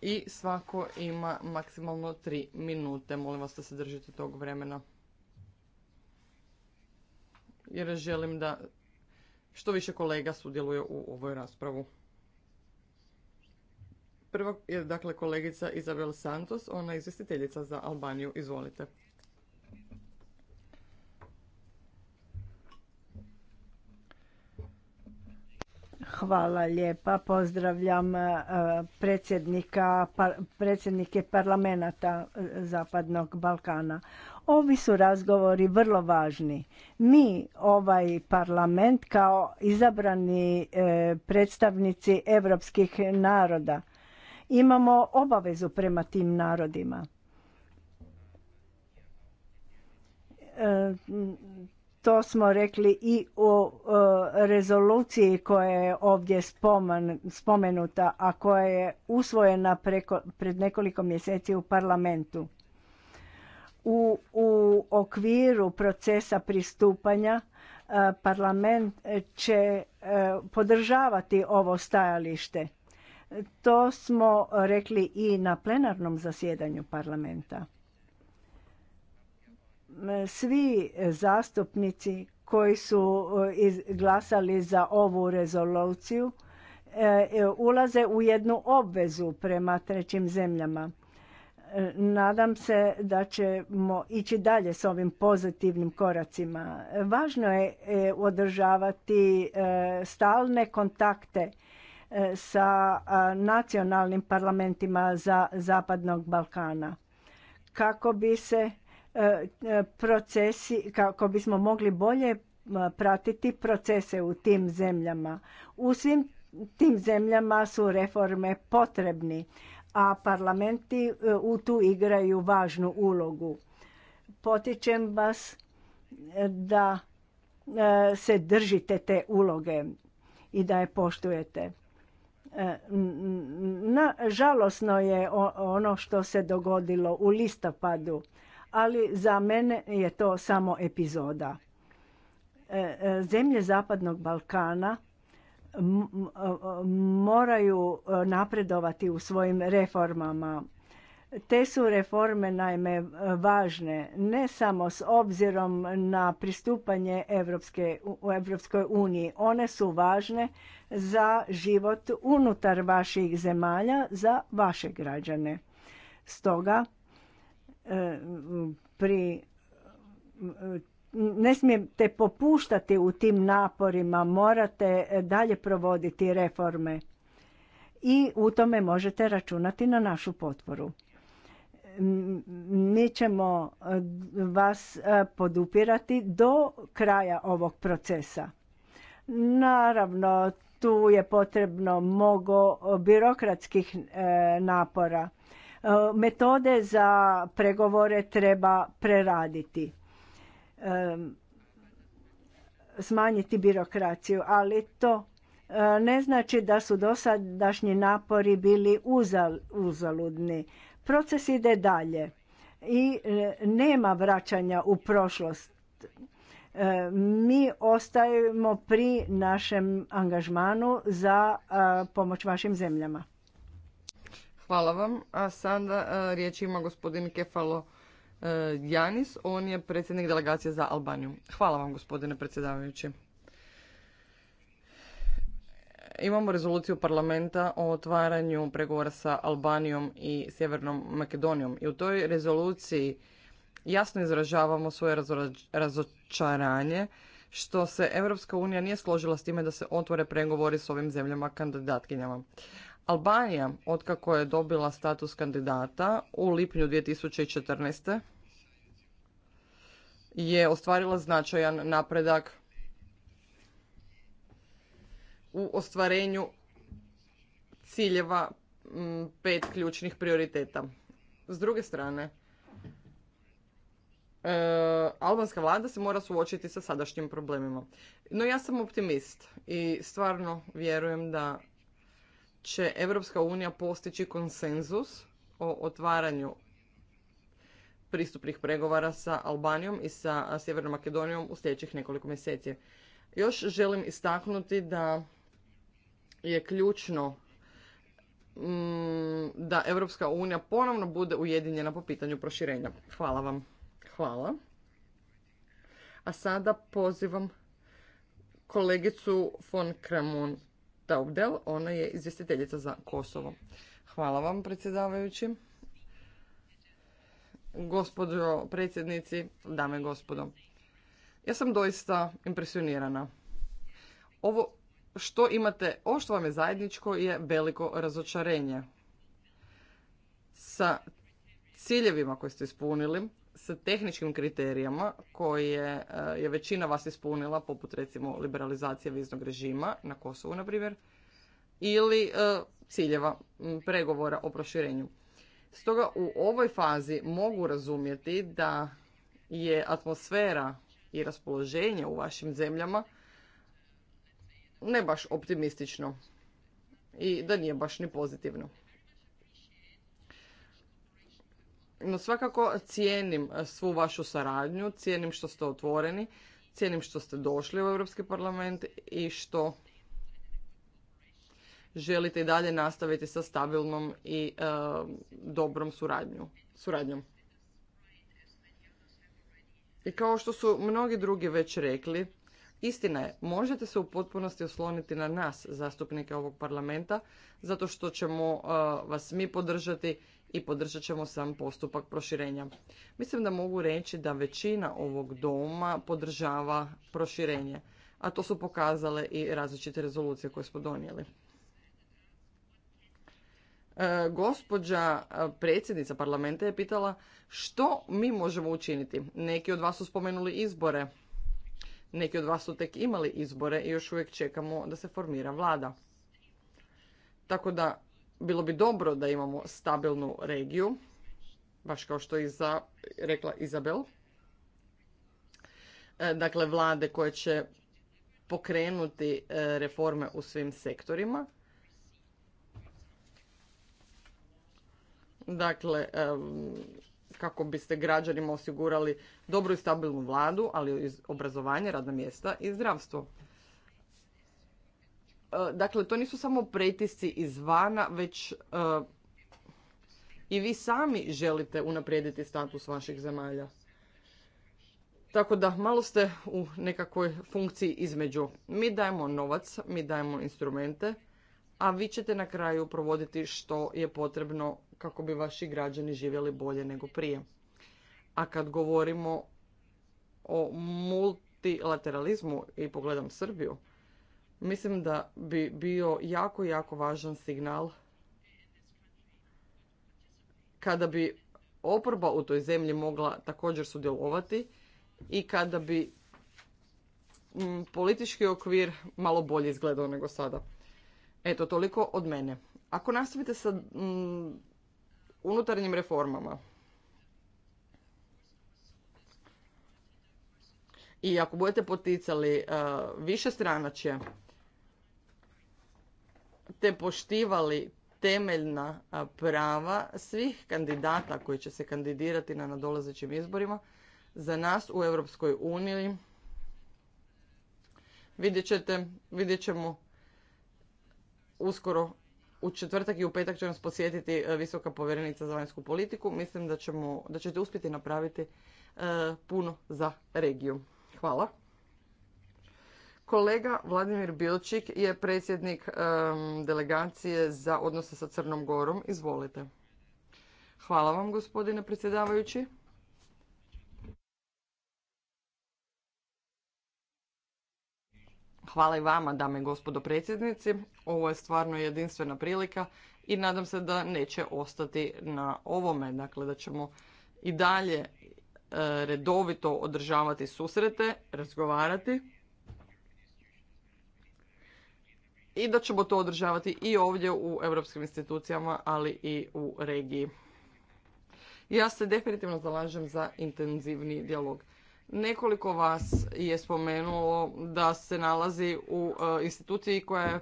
i svako ima maksimalno tri minute. Molim vas da se držite tog vremena. Jer želim da što više kolega sudjeluje u ovoj raspravu. Prva je dakle kolegica Izabel Santos, ona je izvjestiteljica za Albaniju. Izvolite. Hvala lijepa. Pozdravljam e, predsjednike parlamenta e, Zapadnog Balkana. Ovi su razgovori vrlo važni. Mi, ovaj parlament, kao izabrani e, predstavnici evropskih naroda, imamo obavezu prema tim narodima to smo rekli i u e, rezoluciji koja je ovdje spomenuta, a koja je usvojena pred nekoliko mjeseci u parlamentu. U, u okviru procesa pristupanja e, parlament će e, podržavati ovo stajalište. To smo rekli i na plenarnom zasjedanju parlamenta svi zastupnici koji su e, glasali za ovu rezoluciju e, e, ulaze u jednu obvezu prema trećim zemljama. Nadam se da ćemo ići dalje s ovim pozitivnim koracima. Važno je održavati stalne kontakte sa nacionalnim parlamentima za Zapadnog Balkana kako bi se E, e, procesi kako bismo mogli bolje e, pratiti procese u tim zemljama. U svim tim zemljama su reforme potrebni, a parlamenti u tu igraju važnu ulogu. Potičem vas da se držite te uloge i da je poštujete. Na, žalosno je ono što se dogodilo u listopadu ali za mene je to samo epizoda. E, e, zemlje Zapadnog Balkana moraju e, napredovati u svojim reformama. Te su reforme naime važne ne samo s obzirom na pristupanje Evropske, u Evropskoj uniji. One su važne za život unutar vaših zemalja, za vaše građane. Stoga E, pri e, ne smijete popuštati u tim naporima, morate e, dalje provoditi reforme i u tome možete računati na našu potporu. Mi ćemo vas podupirati do kraja ovog procesa. Naravno, tu je potrebno mnogo birokratskih napora E, metode za pregovore treba preraditi e, smanjiti birokraciju ali to e, ne znači da su dosadašnji napori bili uzaludni proces ide dalje i nema vraćanja u prošlost mi ostajemo pri našem angažmanu za pomoć vašim zemljama Hvala vam. A sada e, riječ ima gospodin Kefalo e, Janis. On je predsjednik delegacije za Albaniju. Hvala vam gospodine predsjedavajući. Imamo rezoluciju parlamenta o otvaranju pregovora sa Albanijom i Sjevernom Makedonijom. I u toj rezoluciji jasno izražavamo svoje razočaranje što se Europska unija nije složila s time da se otvore pregovori s ovim zemljama kandidatkinjama. Albanija, otkako je dobila status kandidata u lipnju 2014. je ostvarila značajan napredak u ostvarenju ciljeva pet ključnih prioriteta. S druge strane, e, albanska vlada se mora suočiti sa sadašnjim problemima. No ja sam optimist i stvarno vjerujem da će Europska unija postići konsenzus o otvaranju pristupnih pregovara sa Albanijom i sa Sjevernom Makedonijom u sljedećih nekoliko mjeseci. Još želim istaknuti da je ključno mm, da Europska unija ponovno bude ujedinjena po pitanju proširenja. Hvala vam. Hvala. A sada pozivam kolegicu von Kremon Taubdel, ona je izvjestiteljica za Kosovo. Hvala vam, predsjedavajući. Gospodo predsjednici, dame i gospodo. Ja sam doista impresionirana. Ovo što imate, ovo što vam je zajedničko je veliko razočarenje. Sa ciljevima koje ste ispunili, sa tehničkim kriterijama koje e, je većina vas ispunila, poput recimo liberalizacije viznog režima na Kosovu, na primjer, ili e, ciljeva pregovora o proširenju. Stoga u ovoj fazi mogu razumjeti da je atmosfera i raspoloženje u vašim zemljama ne baš optimistično i da nije baš ni pozitivno. No svakako cijenim e, svu vašu saradnju, cijenim što ste otvoreni, cijenim što ste došli u Europski parlament i što želite i dalje nastaviti sa stabilnom i e, dobrom suradnju, suradnjom. I kao što su mnogi drugi već rekli, istina je, možete se u potpunosti osloniti na nas, zastupnike ovog parlamenta, zato što ćemo e, vas mi podržati i podržat ćemo sam postupak proširenja. Mislim da mogu reći da većina ovog doma podržava proširenje, a to su pokazale i različite rezolucije koje smo donijeli. E, gospođa e, predsjednica parlamenta je pitala što mi možemo učiniti. Neki od vas su spomenuli izbore. Neki od vas su tek imali izbore i još uvijek čekamo da se formira vlada. Tako da bilo bi dobro da imamo stabilnu regiju, baš kao što je za rekla Izabel. E, dakle, vlade koje će pokrenuti e, reforme u svim sektorima. Dakle, e, kako biste građanima osigurali dobru i stabilnu vladu, ali i obrazovanje, radna mjesta i zdravstvo. Eh, dakle to nisu samo pritisci izvana, već eh, i vi sami želite unaprijediti status vaših zemalja. Tako da malo ste u nekakvoj funkciji između. Mi dajemo novac, mi dajemo instrumente, a vi ćete na kraju provoditi što je potrebno kako bi vaši građani živjeli bolje nego prije. A kad govorimo o multilateralizmu i pogledam Srbiju, Mislim da bi bio jako, jako važan signal kada bi oporba u toj zemlji mogla također sudjelovati i kada bi mm, politički okvir malo bolje izgledao nego sada. Eto, toliko od mene. Ako nastavite sa mm, unutarnjim reformama i ako budete poticali eh, više stranačje, te poštivali temeljna prava svih kandidata koji će se kandidirati na nadolazećim izborima, za nas u Europskoj uniji vidjet, ćemo uskoro u četvrtak i u petak će nas posjetiti e, visoka povjerenica za vanjsku politiku. Mislim da, ćemo, da ćete uspjeti napraviti e, puno za regiju. Hvala. Kolega Vladimir Bilčik je predsjednik delegacije za odnose sa Crnom Gorom. Izvolite. Hvala vam, gospodine predsjedavajući. Hvala i vama, dame i gospodo predsjednici. Ovo je stvarno jedinstvena prilika i nadam se da neće ostati na ovome. Dakle, da ćemo i dalje e, redovito održavati susrete, razgovarati i da ćemo to održavati i ovdje u europskim institucijama, ali i u regiji. Ja se definitivno zalažem za intenzivni dijalog. Nekoliko vas je spomenulo da se nalazi u e, instituciji koja je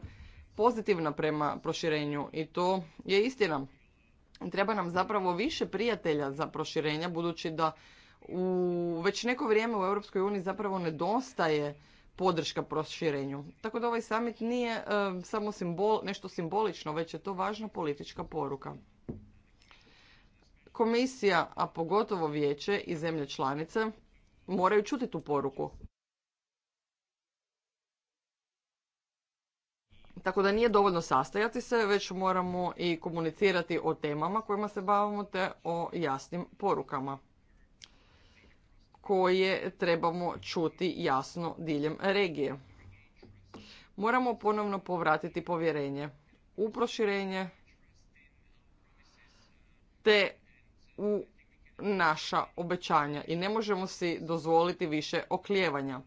pozitivna prema proširenju i to je istina. Treba nam zapravo više prijatelja za proširenja budući da u već neko vrijeme u Europskoj uniji zapravo nedostaje podrška proširenju. Tako da ovaj summit nije e, samo nešto simbolično, već je to važna politička poruka. Komisija, a pogotovo vijeće i zemlje članice, moraju čuti tu poruku. Tako da nije dovoljno sastajati se, već moramo i komunicirati o temama kojima se bavimo te o jasnim porukama koje trebamo čuti jasno diljem regije. Moramo ponovno povratiti povjerenje u proširenje te u naša obećanja i ne možemo si dozvoliti više oklijevanja.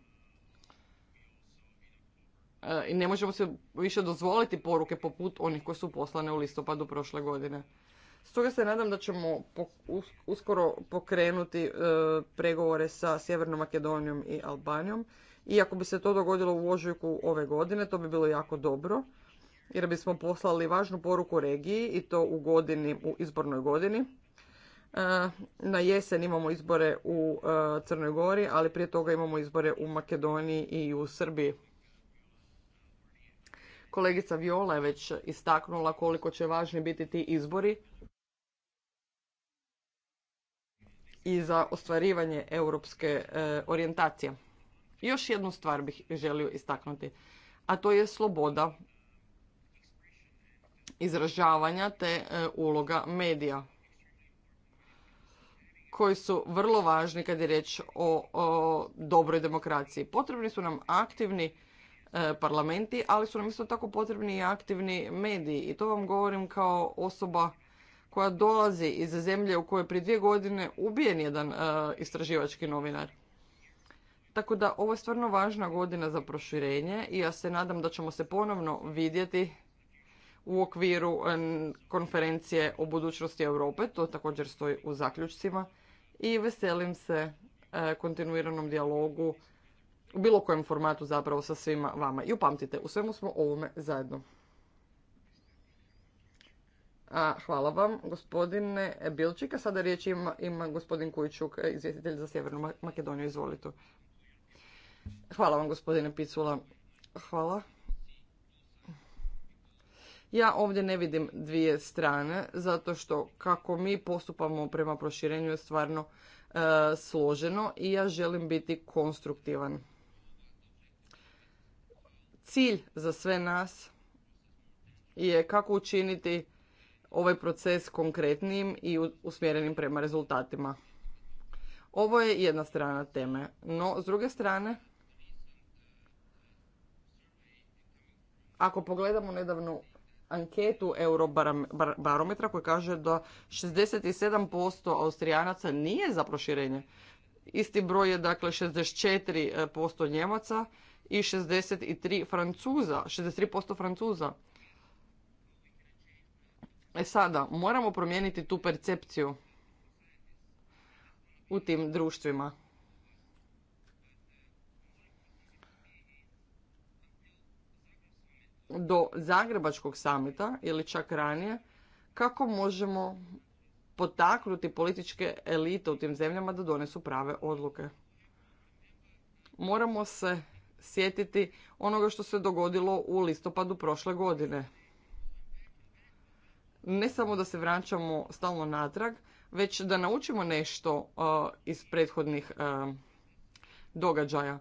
E, I ne možemo se više dozvoliti poruke poput onih koje su poslane u listopadu prošle godine. Stoga se nadam da ćemo uskoro pokrenuti e, pregovore sa Sjevernom Makedonijom i Albanijom. I ako bi se to dogodilo u ožujku ove godine, to bi bilo jako dobro, jer bismo poslali važnu poruku regiji i to u godini, u izbornoj godini. E, na jesen imamo izbore u e, Crnoj Gori, ali prije toga imamo izbore u Makedoniji i u Srbiji. Kolegica Viola je već istaknula koliko će važni biti ti izbori i za ostvarivanje europske e, orijentacije. Još jednu stvar bih želio istaknuti, a to je sloboda izražavanja te e, uloga medija koji su vrlo važni kad je riječ o, dobroj demokraciji. Potrebni su nam aktivni e, parlamenti, ali su nam isto tako potrebni i aktivni mediji. I to vam govorim kao osoba koja dolazi iz zemlje u kojoj je prije dvije godine ubijen jedan e, istraživački novinar. Tako da ovo je stvarno važna godina za proširenje i ja se nadam da ćemo se ponovno vidjeti u okviru e, konferencije o budućnosti Europe, to također stoji u zaključcima i veselim se e, kontinuiranom dijalogu u bilo kojem formatu zapravo sa svima vama. I upamtite, u svemu smo ovome zajedno. A, hvala vam, gospodine a Sada riječ ima, gospodin Kujčuk, e, izvjetitelj za Sjevernu Makedoniju. Izvolite. Hvala vam, gospodine Picula. Hvala. Ja ovdje ne vidim dvije strane, zato što kako mi postupamo prema proširenju je stvarno e, složeno i ja želim biti konstruktivan. Cilj za sve nas je kako učiniti ovaj proces konkretnim i usmjerenim prema rezultatima. Ovo je jedna strana teme, no s druge strane, ako pogledamo nedavnu anketu Eurobarometra koja kaže da 67% Austrijanaca nije za proširenje. Isti broj je dakle 64% Njemaca i 63 Francuza, 63% Francuza. E sada, moramo promijeniti tu percepciju u tim društvima. Do Zagrebačkog samita ili čak ranije, kako možemo potaknuti političke elite u tim zemljama da donesu prave odluke. Moramo se sjetiti onoga što se dogodilo u listopadu prošle godine ne samo da se vraćamo stalno natrag, već da naučimo nešto uh, iz prethodnih um, događaja.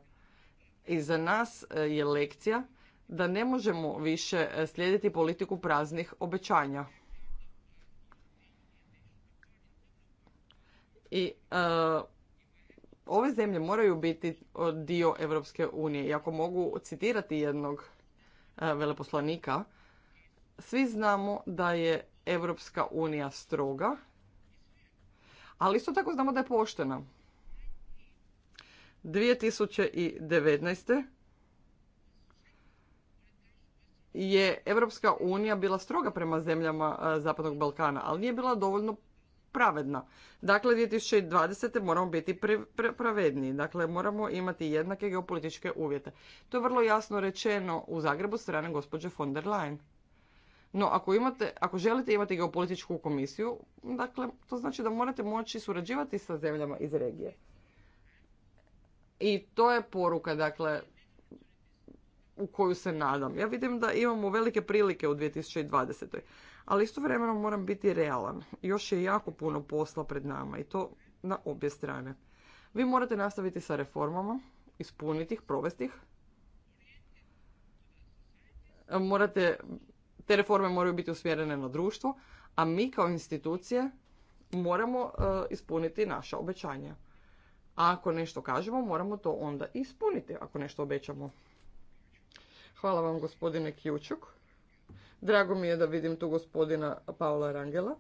I za nas uh, je lekcija da ne možemo više uh, slijediti politiku praznih obećanja. I ove zemlje moraju biti dio Europske unije. I ako mogu citirati jednog veleposlanika, svi znamo da je Evropska unija stroga, ali isto tako znamo da je poštena. 2019. je Evropska unija bila stroga prema zemljama Zapadnog Balkana, ali nije bila dovoljno pravedna. Dakle, 2020. moramo biti pravedniji. Dakle, moramo imati jednake geopolitičke uvjete. To je vrlo jasno rečeno u Zagrebu strane gospođe von der Leyen. No, ako, imate, ako želite imati geopolitičku komisiju, dakle, to znači da morate moći surađivati sa zemljama iz regije. I to je poruka, dakle, u koju se nadam. Ja vidim da imamo velike prilike u 2020. Ali istovremeno moram biti realan. Još je jako puno posla pred nama i to na obje strane. Vi morate nastaviti sa reformama, ispuniti ih, provesti ih. Morate te reforme moraju biti usmjerene na društvo, a mi kao institucije moramo e, ispuniti naša obećanja. A ako nešto kažemo, moramo to onda ispuniti, ako nešto obećamo. Hvala vam gospodine Kjučuk. Drago mi je da vidim tu gospodina Paula Rangela.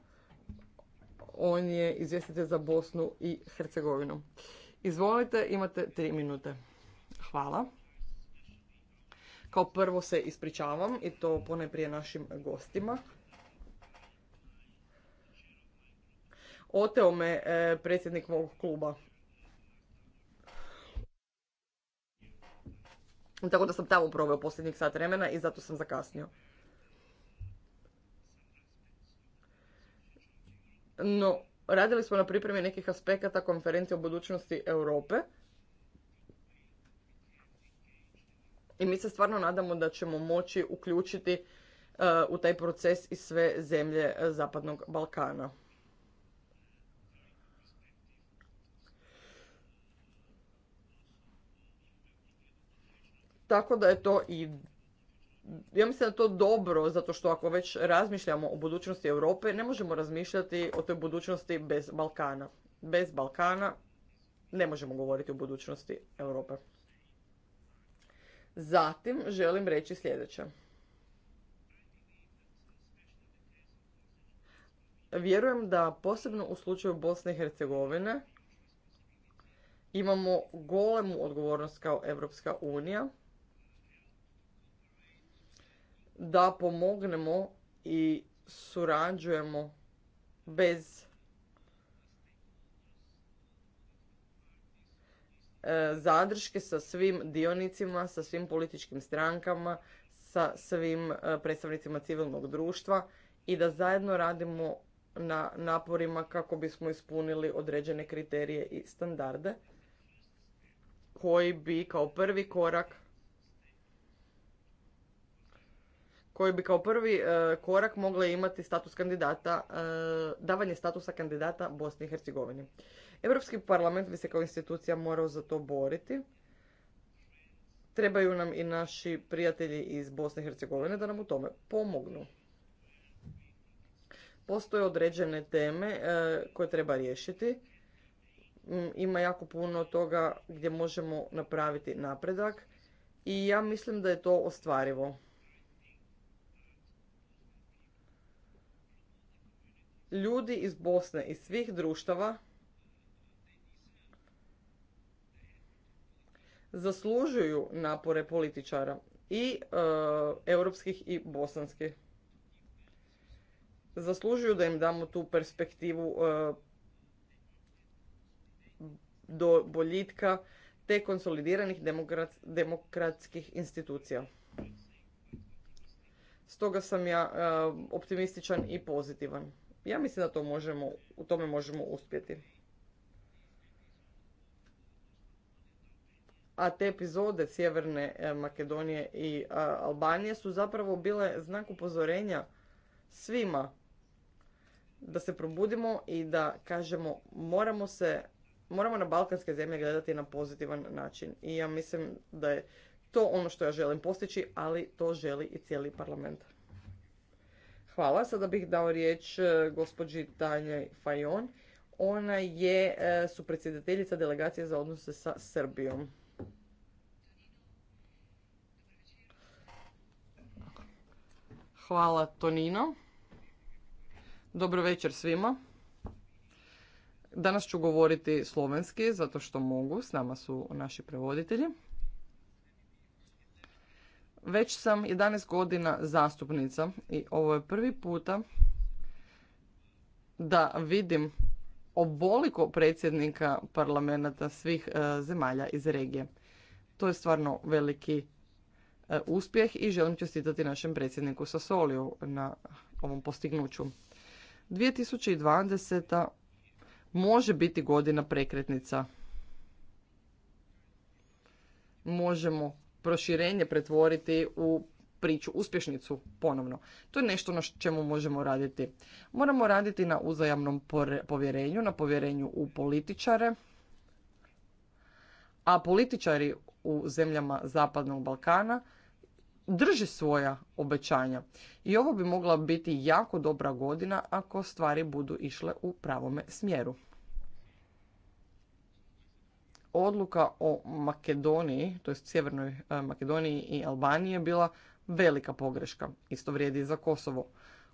On je izvjestitelj za Bosnu i Hercegovinu. Izvolite, imate tri minute. Hvala. Kao prvo se ispričavam i to prije našim gostima. Oteo me e, predsjednik mog kluba. Tako da sam tamo proveo posljednjih sat vremena i zato sam zakasnio. No, radili smo na pripremi nekih aspekata konferencije o budućnosti Europe. I mi se stvarno nadamo da ćemo moći uključiti e, u taj proces i sve zemlje e, Zapadnog Balkana. Tako da je to i ja mislim da je to dobro, zato što ako već razmišljamo o budućnosti Europe, ne možemo razmišljati o toj budućnosti bez Balkana. Bez Balkana ne možemo govoriti o budućnosti Europe. Zatim želim reći sljedeće. Vjerujem da posebno u slučaju Bosne i Hercegovine imamo golemu odgovornost kao Europska unija da pomognemo i surađujemo bez E, zadrške sa svim dionicima, sa svim političkim strankama, sa svim e, predstavnicima civilnog društva i da zajedno radimo na naporima kako bismo ispunili određene kriterije i standarde koji bi kao prvi korak koji bi kao prvi e, korak mogle imati status kandidata, davanje statusa kandidata Bosne i Hercegovine. Europski parlament bi se kao institucija morao za to boriti. Trebaju nam i naši prijatelji iz Bosne i Hercegovine da nam u tome pomognu. Postoje određene teme e, koje treba riješiti. Mm, ima jako puno toga gdje možemo napraviti napredak i ja mislim da je to ostvarivo. Ljudi iz Bosne, i svih društava, zaslužuju napore političara i europskih i bosanskih. Zaslužuju da im damo tu perspektivu e, do boljitka te konsolidiranih demokratskih institucija. Stoga sam ja e, optimističan i pozitivan. Ja mislim da to u tome možemo uspjeti. a te epizode Sjeverne e, Makedonije i Albanije su zapravo bile znak upozorenja svima da se probudimo i da kažemo moramo se moramo na balkanske zemlje gledati na pozitivan način i ja mislim da je to ono što ja želim postići, ali to želi i cijeli parlament. Hvala. Sada bih dao riječ e, gospođi Tanjoj Fajon. Ona je e, supredsjedateljica delegacije za odnose sa Srbijom. Hvala Tonino. Dobro večer svima. Danas ću govoriti slovenski, zato što mogu, s nama su naši prevoditelji. Već sam 11 godina zastupnica i ovo je prvi puta da vidim oboliko predsjednika parlamenta svih e, zemalja iz regije. To je stvarno veliki E, uspjeh i želim čestitati našem predsjedniku Sasoliju na ovom postignuću. 2020. može biti godina prekretnica. Možemo proširenje pretvoriti u priču, uspješnicu ponovno. To je nešto na čemu možemo raditi. Moramo raditi na uzajamnom povjerenju, na povjerenju u političare, a političari u zemljama Zapadnog Balkana drži svoja obećanja. I ovo bi mogla biti jako dobra godina ako stvari budu išle u pravome smjeru. Odluka o Makedoniji, to Sjevernoj e, Makedoniji i Albaniji je bila velika pogreška. Isto vrijedi i za Kosovo.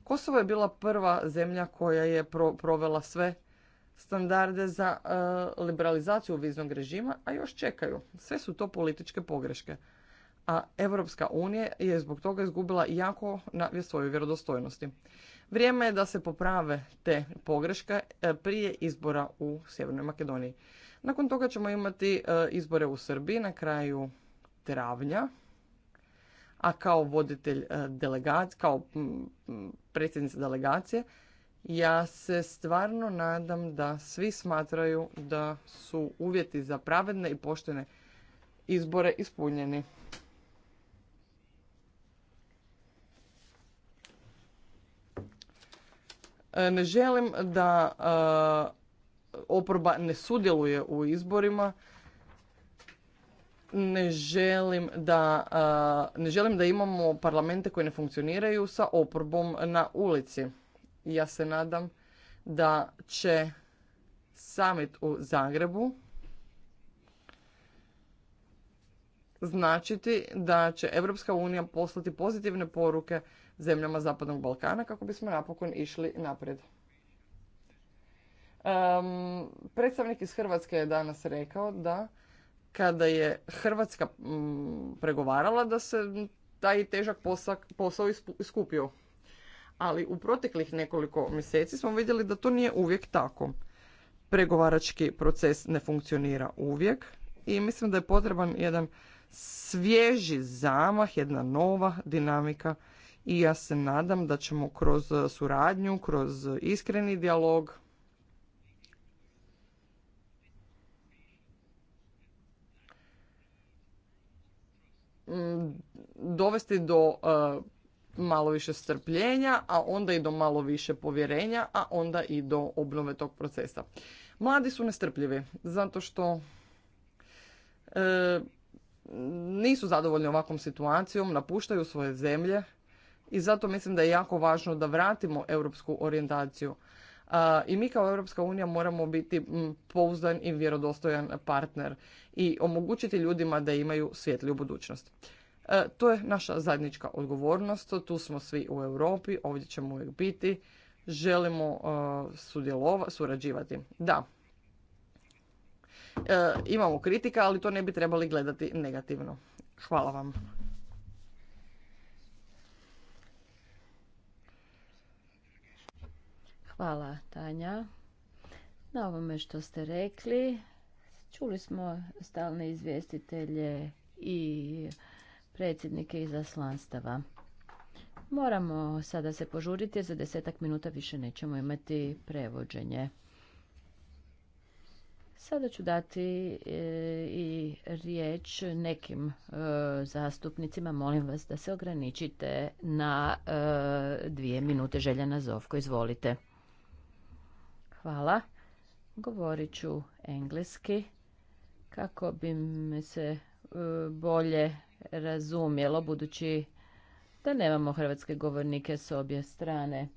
Kosovo je bila prva zemlja koja je provela sve standarde za e, liberalizaciju viznog režima, a još čekaju. Sve su to političke pogreške a Europska unija je zbog toga izgubila jako na svojoj vjerodostojnosti. Vrijeme je da se poprave te pogreške e, prije izbora u Sjevernoj Makedoniji. Nakon toga ćemo imati e, izbore u Srbiji na kraju travnja, a kao voditelj e, delegacije, kao predsjednica delegacije, ja se stvarno nadam da svi smatraju da su uvjeti za pravedne i poštene izbore ispunjeni. E, ne želim da e, oporba ne sudjeluje u izborima. Ne želim da, e, ne želim da imamo parlamente koji ne funkcioniraju sa oporbom na ulici. Ja se nadam da će summit u Zagrebu značiti da će Europska unija poslati pozitivne poruke zemljama Zapadnog Balkana kako bismo napokon išli naprijed. Um, predstavnik iz Hrvatske je danas rekao da kada je Hrvatska mm, pregovarala da se taj težak posak, posao iskupio. Ali u proteklih nekoliko mjeseci smo vidjeli da to nije uvijek tako. Pregovarački proces ne funkcionira uvijek i mislim da je potreban jedan svježi zamah, jedna nova dinamika i ja se nadam da ćemo kroz e, suradnju, kroz iskreni dijalog mm, dovesti do e, malo više strpljenja, a onda i do malo više povjerenja, a onda i do obnove tog procesa. Mladi su nestrpljivi zato što e, nisu zadovoljni ovakvom situacijom, napuštaju svoje zemlje i zato mislim da je jako važno da vratimo europsku orijentaciju. I mi kao Europska unija moramo biti pouzdan i vjerodostojan partner i omogućiti ljudima da imaju svjetliju budućnost. To je naša zajednička odgovornost, tu smo svi u Europi, ovdje ćemo uvijek biti, želimo surađivati. Da, e, imamo kritika, ali to ne bi trebali gledati negativno. Hvala vam. Hvala Tanja na ovome što ste rekli. Čuli smo stalne izvjestitelje i predsjednike izaslanstava. Moramo sada se požuriti, jer za desetak minuta više nećemo imati prevođenje. Sada ću dati e, i riječ nekim e, zastupnicima. Molim vas da se ograničite na e, dvije minute. željena Zovko, izvolite. Hvala. Govorit ću engleski kako bi me se e, bolje razumjelo, budući da nemamo hrvatske govornike s obje strane.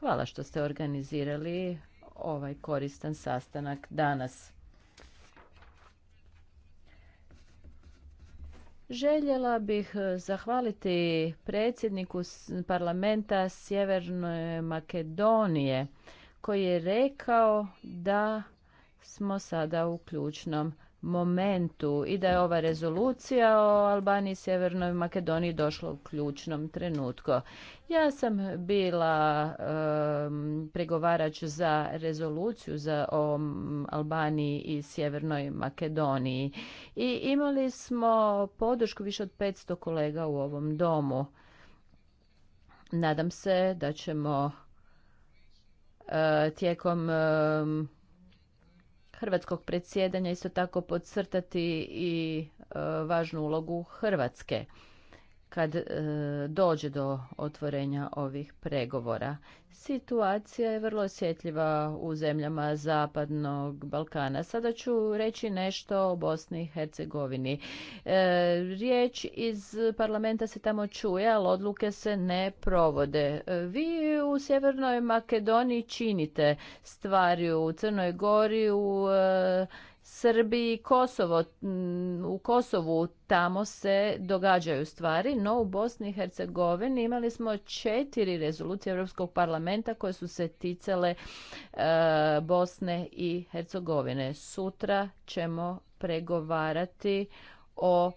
Hvala što ste organizirali ovaj koristan sastanak danas. Željela bih e, zahvaliti predsjedniku parlamenta Sjeverne Makedonije koji je rekao da smo sada u ključnom momentu i da je ova rezolucija o Albaniji i Sjevernoj Makedoniji došla u ključnom trenutku. Ja sam bila pregovarač za rezoluciju za o Albaniji i Sjevernoj Makedoniji i imali smo podršku više od 500 kolega u ovom domu. Nadam se da ćemo E, tijekom e, hrvatskog predsjedanja isto tako podcrtati i e, važnu ulogu Hrvatske kad e, dođe do otvorenja ovih pregovora. Situacija je vrlo osjetljiva u zemljama Zapadnog Balkana. Sada ću reći nešto o Bosni i Hercegovini. E, riječ iz parlamenta se tamo čuje, ali odluke se ne provode. E, vi u Sjevernoj Makedoniji činite stvari u Crnoj Gori, u Srbiji Kosovo. Mm, u Kosovu tamo se događaju stvari, no u Bosni i Hercegovini imali smo četiri rezolucije Europskog parlamenta koje su se ticale e, Bosne i Hercegovine. Sutra ćemo pregovarati o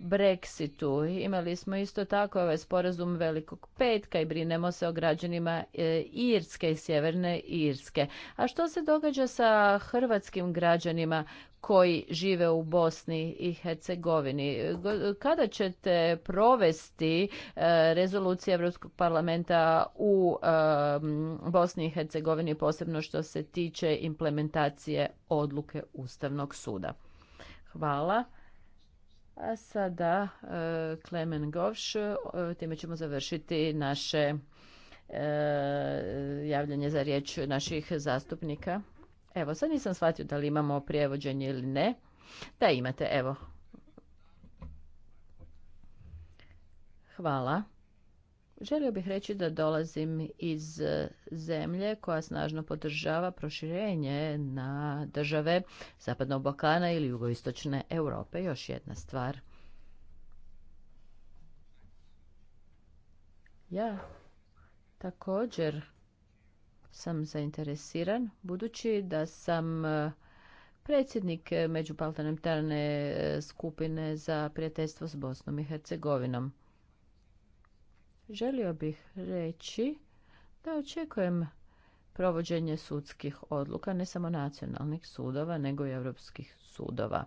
Brexitu. Imali smo isto tako ovaj sporazum velikog petka i brinemo se o građanima e, Irske i Sjeverne Irske. A što se događa sa hrvatskim građanima koji žive u Bosni i Hercegovini. Kada ćete provesti e, rezolucije Europskog parlamenta u e, Bosni i Hercegovini, posebno što se tiče implementacije odluke Ustavnog suda? Hvala. A sada e, Klemen Govš, e, time ćemo završiti naše e, javljanje za riječ naših zastupnika. Evo, sad nisam shvatio da li imamo prijevođenje ili ne. Da imate, evo. Hvala. Želio bih reći da dolazim iz zemlje koja snažno podržava proširenje na države Zapadnog Balkana ili jugoistočne Europe. Još jedna stvar. Ja također sam zainteresiran budući da sam e, predsjednik međuparlamentarne e, skupine za prijateljstvo s Bosnom i Hercegovinom. Želio bih reći da očekujem provođenje sudskih odluka, ne samo nacionalnih sudova, nego i europskih sudova.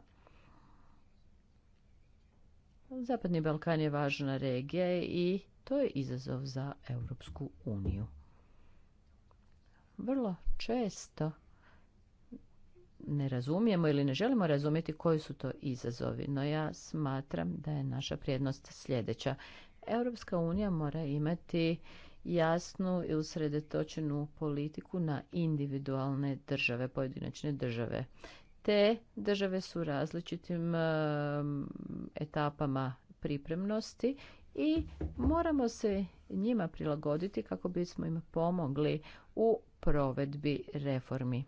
Zapadni Balkan je važna regija i to je izazov za Europsku uniju. Vrlo često ne razumijemo ili ne želimo razumjeti koji su to izazovi, no ja smatram da je naša prijednost sljedeća. Europska unija mora imati jasnu i usredotočenu politiku na individualne države, pojedinačne države. Te države su različitim etapama pripremnosti i moramo se njima prilagoditi kako bismo im pomogli u provedbi reformi.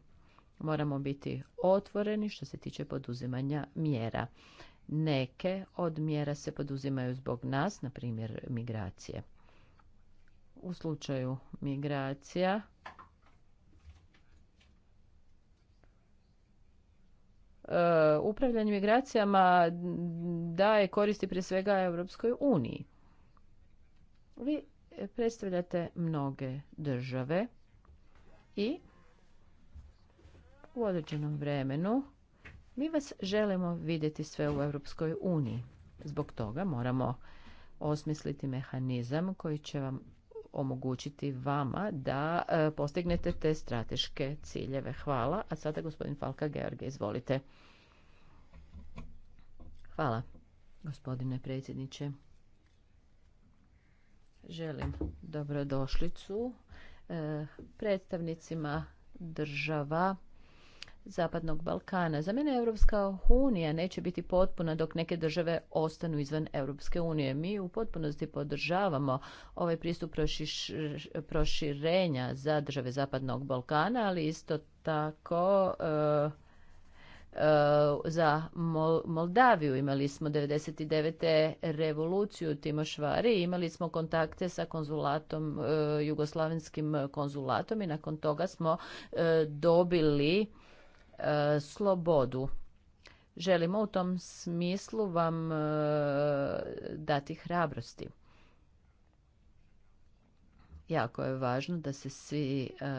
Moramo biti otvoreni što se tiče poduzimanja mjera. Neke od mjera se poduzimaju zbog nas, na primjer migracije. U slučaju migracija e, upravljanje migracijama daje koristi prije svega Europskoj uniji. Vi predstavljate mnoge države i u određenom vremenu mi vas želimo vidjeti sve u Europskoj uniji. Zbog toga moramo osmisliti mehanizam koji će vam omogućiti vama da e, postignete te strateške ciljeve. Hvala. A sada gospodin Falka George, izvolite. Hvala, gospodine predsjedniče. Želim dobrodošlicu e, predstavnicima država Zapadnog Balkana. Za mene Europska unija neće biti potpuna dok neke države ostanu izvan Europske unije. Mi u potpunosti podržavamo ovaj pristup proširenja za države Zapadnog Balkana, ali isto tako e, e, za Moldaviju. Imali smo 99. revoluciju Timošvari, imali smo kontakte sa konzulatom, e, jugoslavenskim konzulatom i nakon toga smo dobili E, slobodu. Želimo u tom smislu vam e, dati hrabrosti. Jako je važno da se svi e,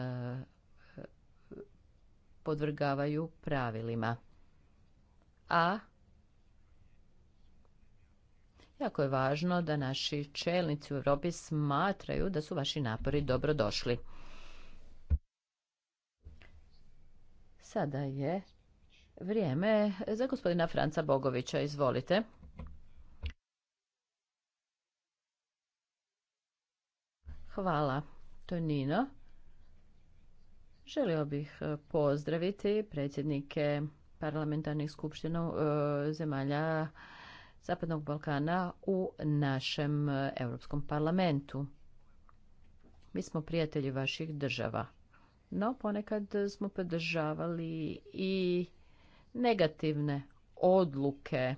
podvrgavaju pravilima. A Jako je važno da naši čelnici u Europi smatraju da su vaši napori dobrodošli. Sada je vrijeme za gospodina Franca Bogovića. Izvolite. Hvala, Tonino. Želio bih e, pozdraviti predsjednike parlamentarnih skupština e, zemalja Zapadnog Balkana u našem e, Europskom parlamentu. Mi smo prijatelji vaših država. No, ponekad smo podržavali i negativne odluke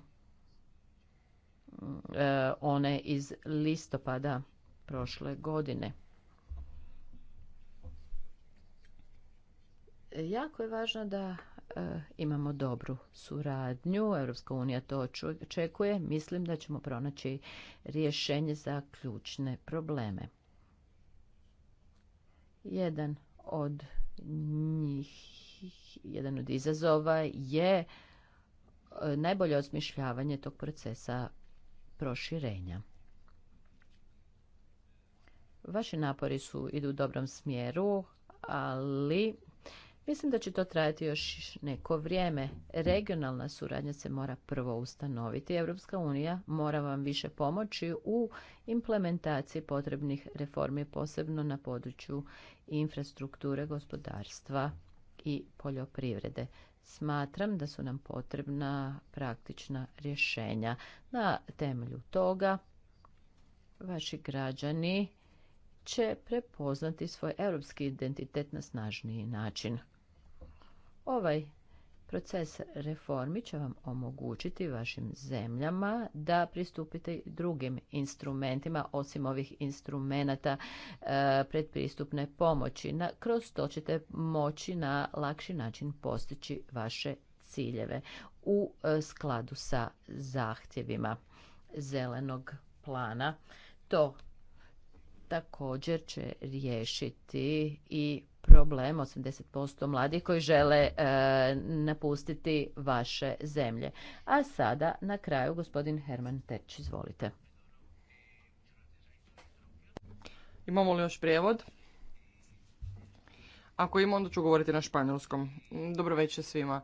mm, e, one iz listopada prošle godine. Jako je važno da e, imamo dobru suradnju. Europska unija to očekuje. Mislim da ćemo pronaći rješenje za ključne probleme. Jedan od njih, jedan od izazova je e, najbolje osmišljavanje tog procesa proširenja. Vaši napori su idu u dobrom smjeru, ali Mislim da će to trajati još neko vrijeme. Regionalna suradnja se mora prvo ustanoviti. Europska unija mora vam više pomoći u implementaciji potrebnih reformi, posebno na području infrastrukture, gospodarstva i poljoprivrede. Smatram da su nam potrebna praktična rješenja. Na temelju toga vaši građani će prepoznati svoj europski identitet na snažniji način. Ovaj proces reformi će vam omogućiti vašim zemljama da pristupite drugim instrumentima osim ovih instrumenata e, predpristupne pomoći. Na, kroz to ćete moći na lakši način postići vaše ciljeve u e, skladu sa zahtjevima zelenog plana. To također će riješiti i problem 80% mladih koji žele e, napustiti vaše zemlje. A sada na kraju gospodin Herman Teć, izvolite. Imamo li još prijevod? Ako ima, onda ću govoriti na španjolskom. Dobro večer svima.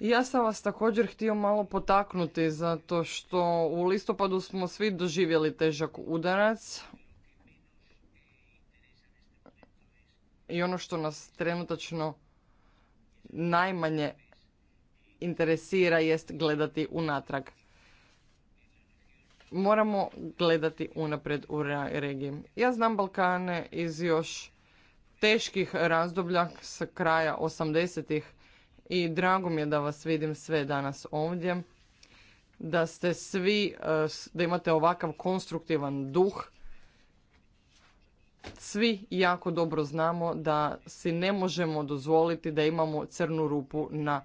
Ja sam vas također htio malo potaknuti zato što u listopadu smo svi doživjeli težak udarac. I ono što nas trenutačno najmanje interesira jest gledati unatrag. Moramo gledati unapred u regiji. Ja znam Balkane iz još teških razdoblja sa kraja 80-ih i drago mi je da vas vidim sve danas ovdje, da ste svi, e, da imate ovakav konstruktivan duh. Svi jako dobro znamo da si ne možemo dozvoliti da imamo crnu rupu na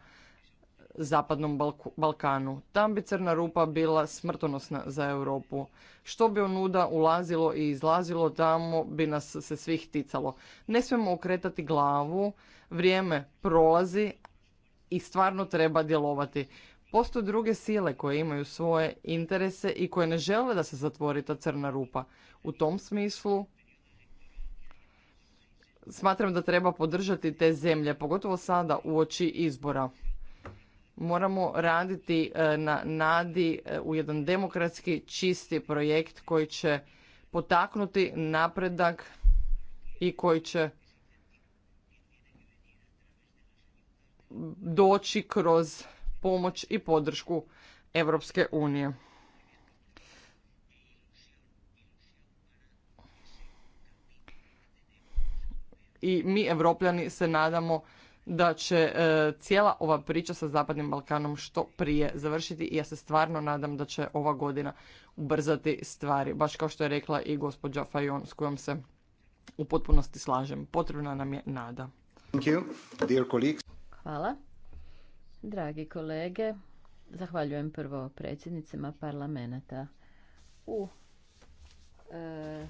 zapadnom Balkanu. Tam bi crna rupa bila smrtonosna za Europu. Što bi onuda ulazilo i izlazilo, tamo bi nas se svih ticalo. Ne smijemo okretati glavu, vrijeme prolazi, i stvarno treba djelovati. Postoje druge sile koje imaju svoje interese i koje ne žele da se zatvori ta crna rupa. U tom smislu smatram da treba podržati te zemlje, pogotovo sada u oči izbora. Moramo raditi e, na nadi e, u jedan demokratski čisti projekt koji će potaknuti napredak i koji će doći kroz pomoć i podršku Europske unije. I mi, Evropljani, se nadamo da će e, cijela ova priča sa Zapadnim Balkanom što prije završiti i ja se stvarno nadam da će ova godina ubrzati stvari, baš kao što je rekla i gospođa Fajon s kojom se u potpunosti slažem. Potrebna nam je nada. Thank you, dear colleagues. Hvala. Dragi kolege, zahvaljujem prvo predsjednicima parlamenta u e,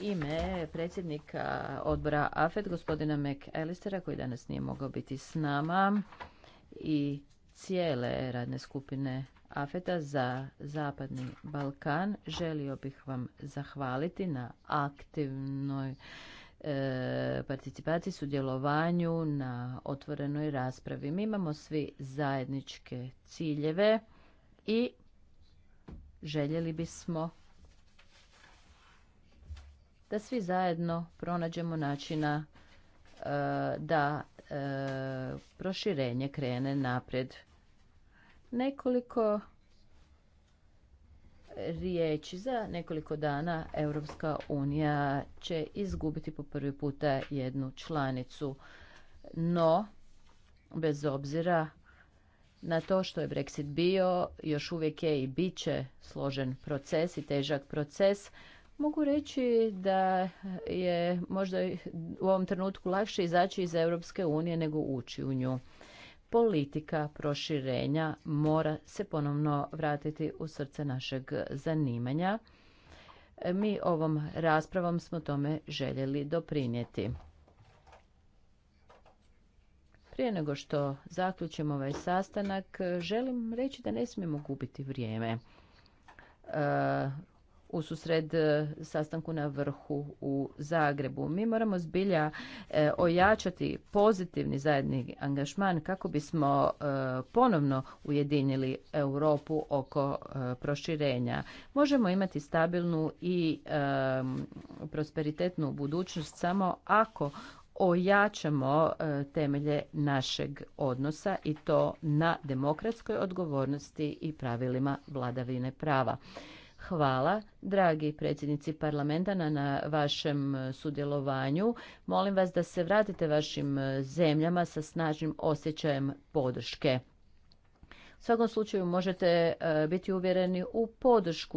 ime predsjednika odbora AFET, gospodina McAllistera, koji danas nije mogao biti s nama, i cijele radne skupine AFETA za Zapadni Balkan. Želio bih vam zahvaliti na aktivnoj E, participaciji, sudjelovanju na otvorenoj raspravi. Mi imamo svi zajedničke ciljeve i željeli bismo da svi zajedno pronađemo načina e, da e, proširenje krene naprijed. Nekoliko riječi za nekoliko dana Europska unija će izgubiti po prvi puta jednu članicu. No, bez obzira na to što je Brexit bio, još uvijek je i bit će složen proces i težak proces. Mogu reći da je možda u ovom trenutku lakše izaći iz Europske unije nego ući u nju politika proširenja mora se ponovno vratiti u srce našeg zanimanja. Mi ovom raspravom smo tome željeli doprinijeti. Prije nego što zaključim ovaj sastanak, želim reći da ne smijemo gubiti vrijeme. E, u susred e, sastanku na vrhu u Zagrebu. Mi moramo zbilja e, ojačati pozitivni zajedni angažman kako bismo e, ponovno ujedinili Europu oko proširenja. Možemo imati stabilnu i prosperitetnu budućnost samo ako ojačamo temelje našeg odnosa i to na demokratskoj odgovornosti i pravilima vladavine prava. Hvala, dragi predsjednici parlamenta, na vašem e, sudjelovanju. Molim vas da se vratite vašim e, zemljama sa snažnim osjećajem podrške. U svakom slučaju možete e, biti uvjereni u podršku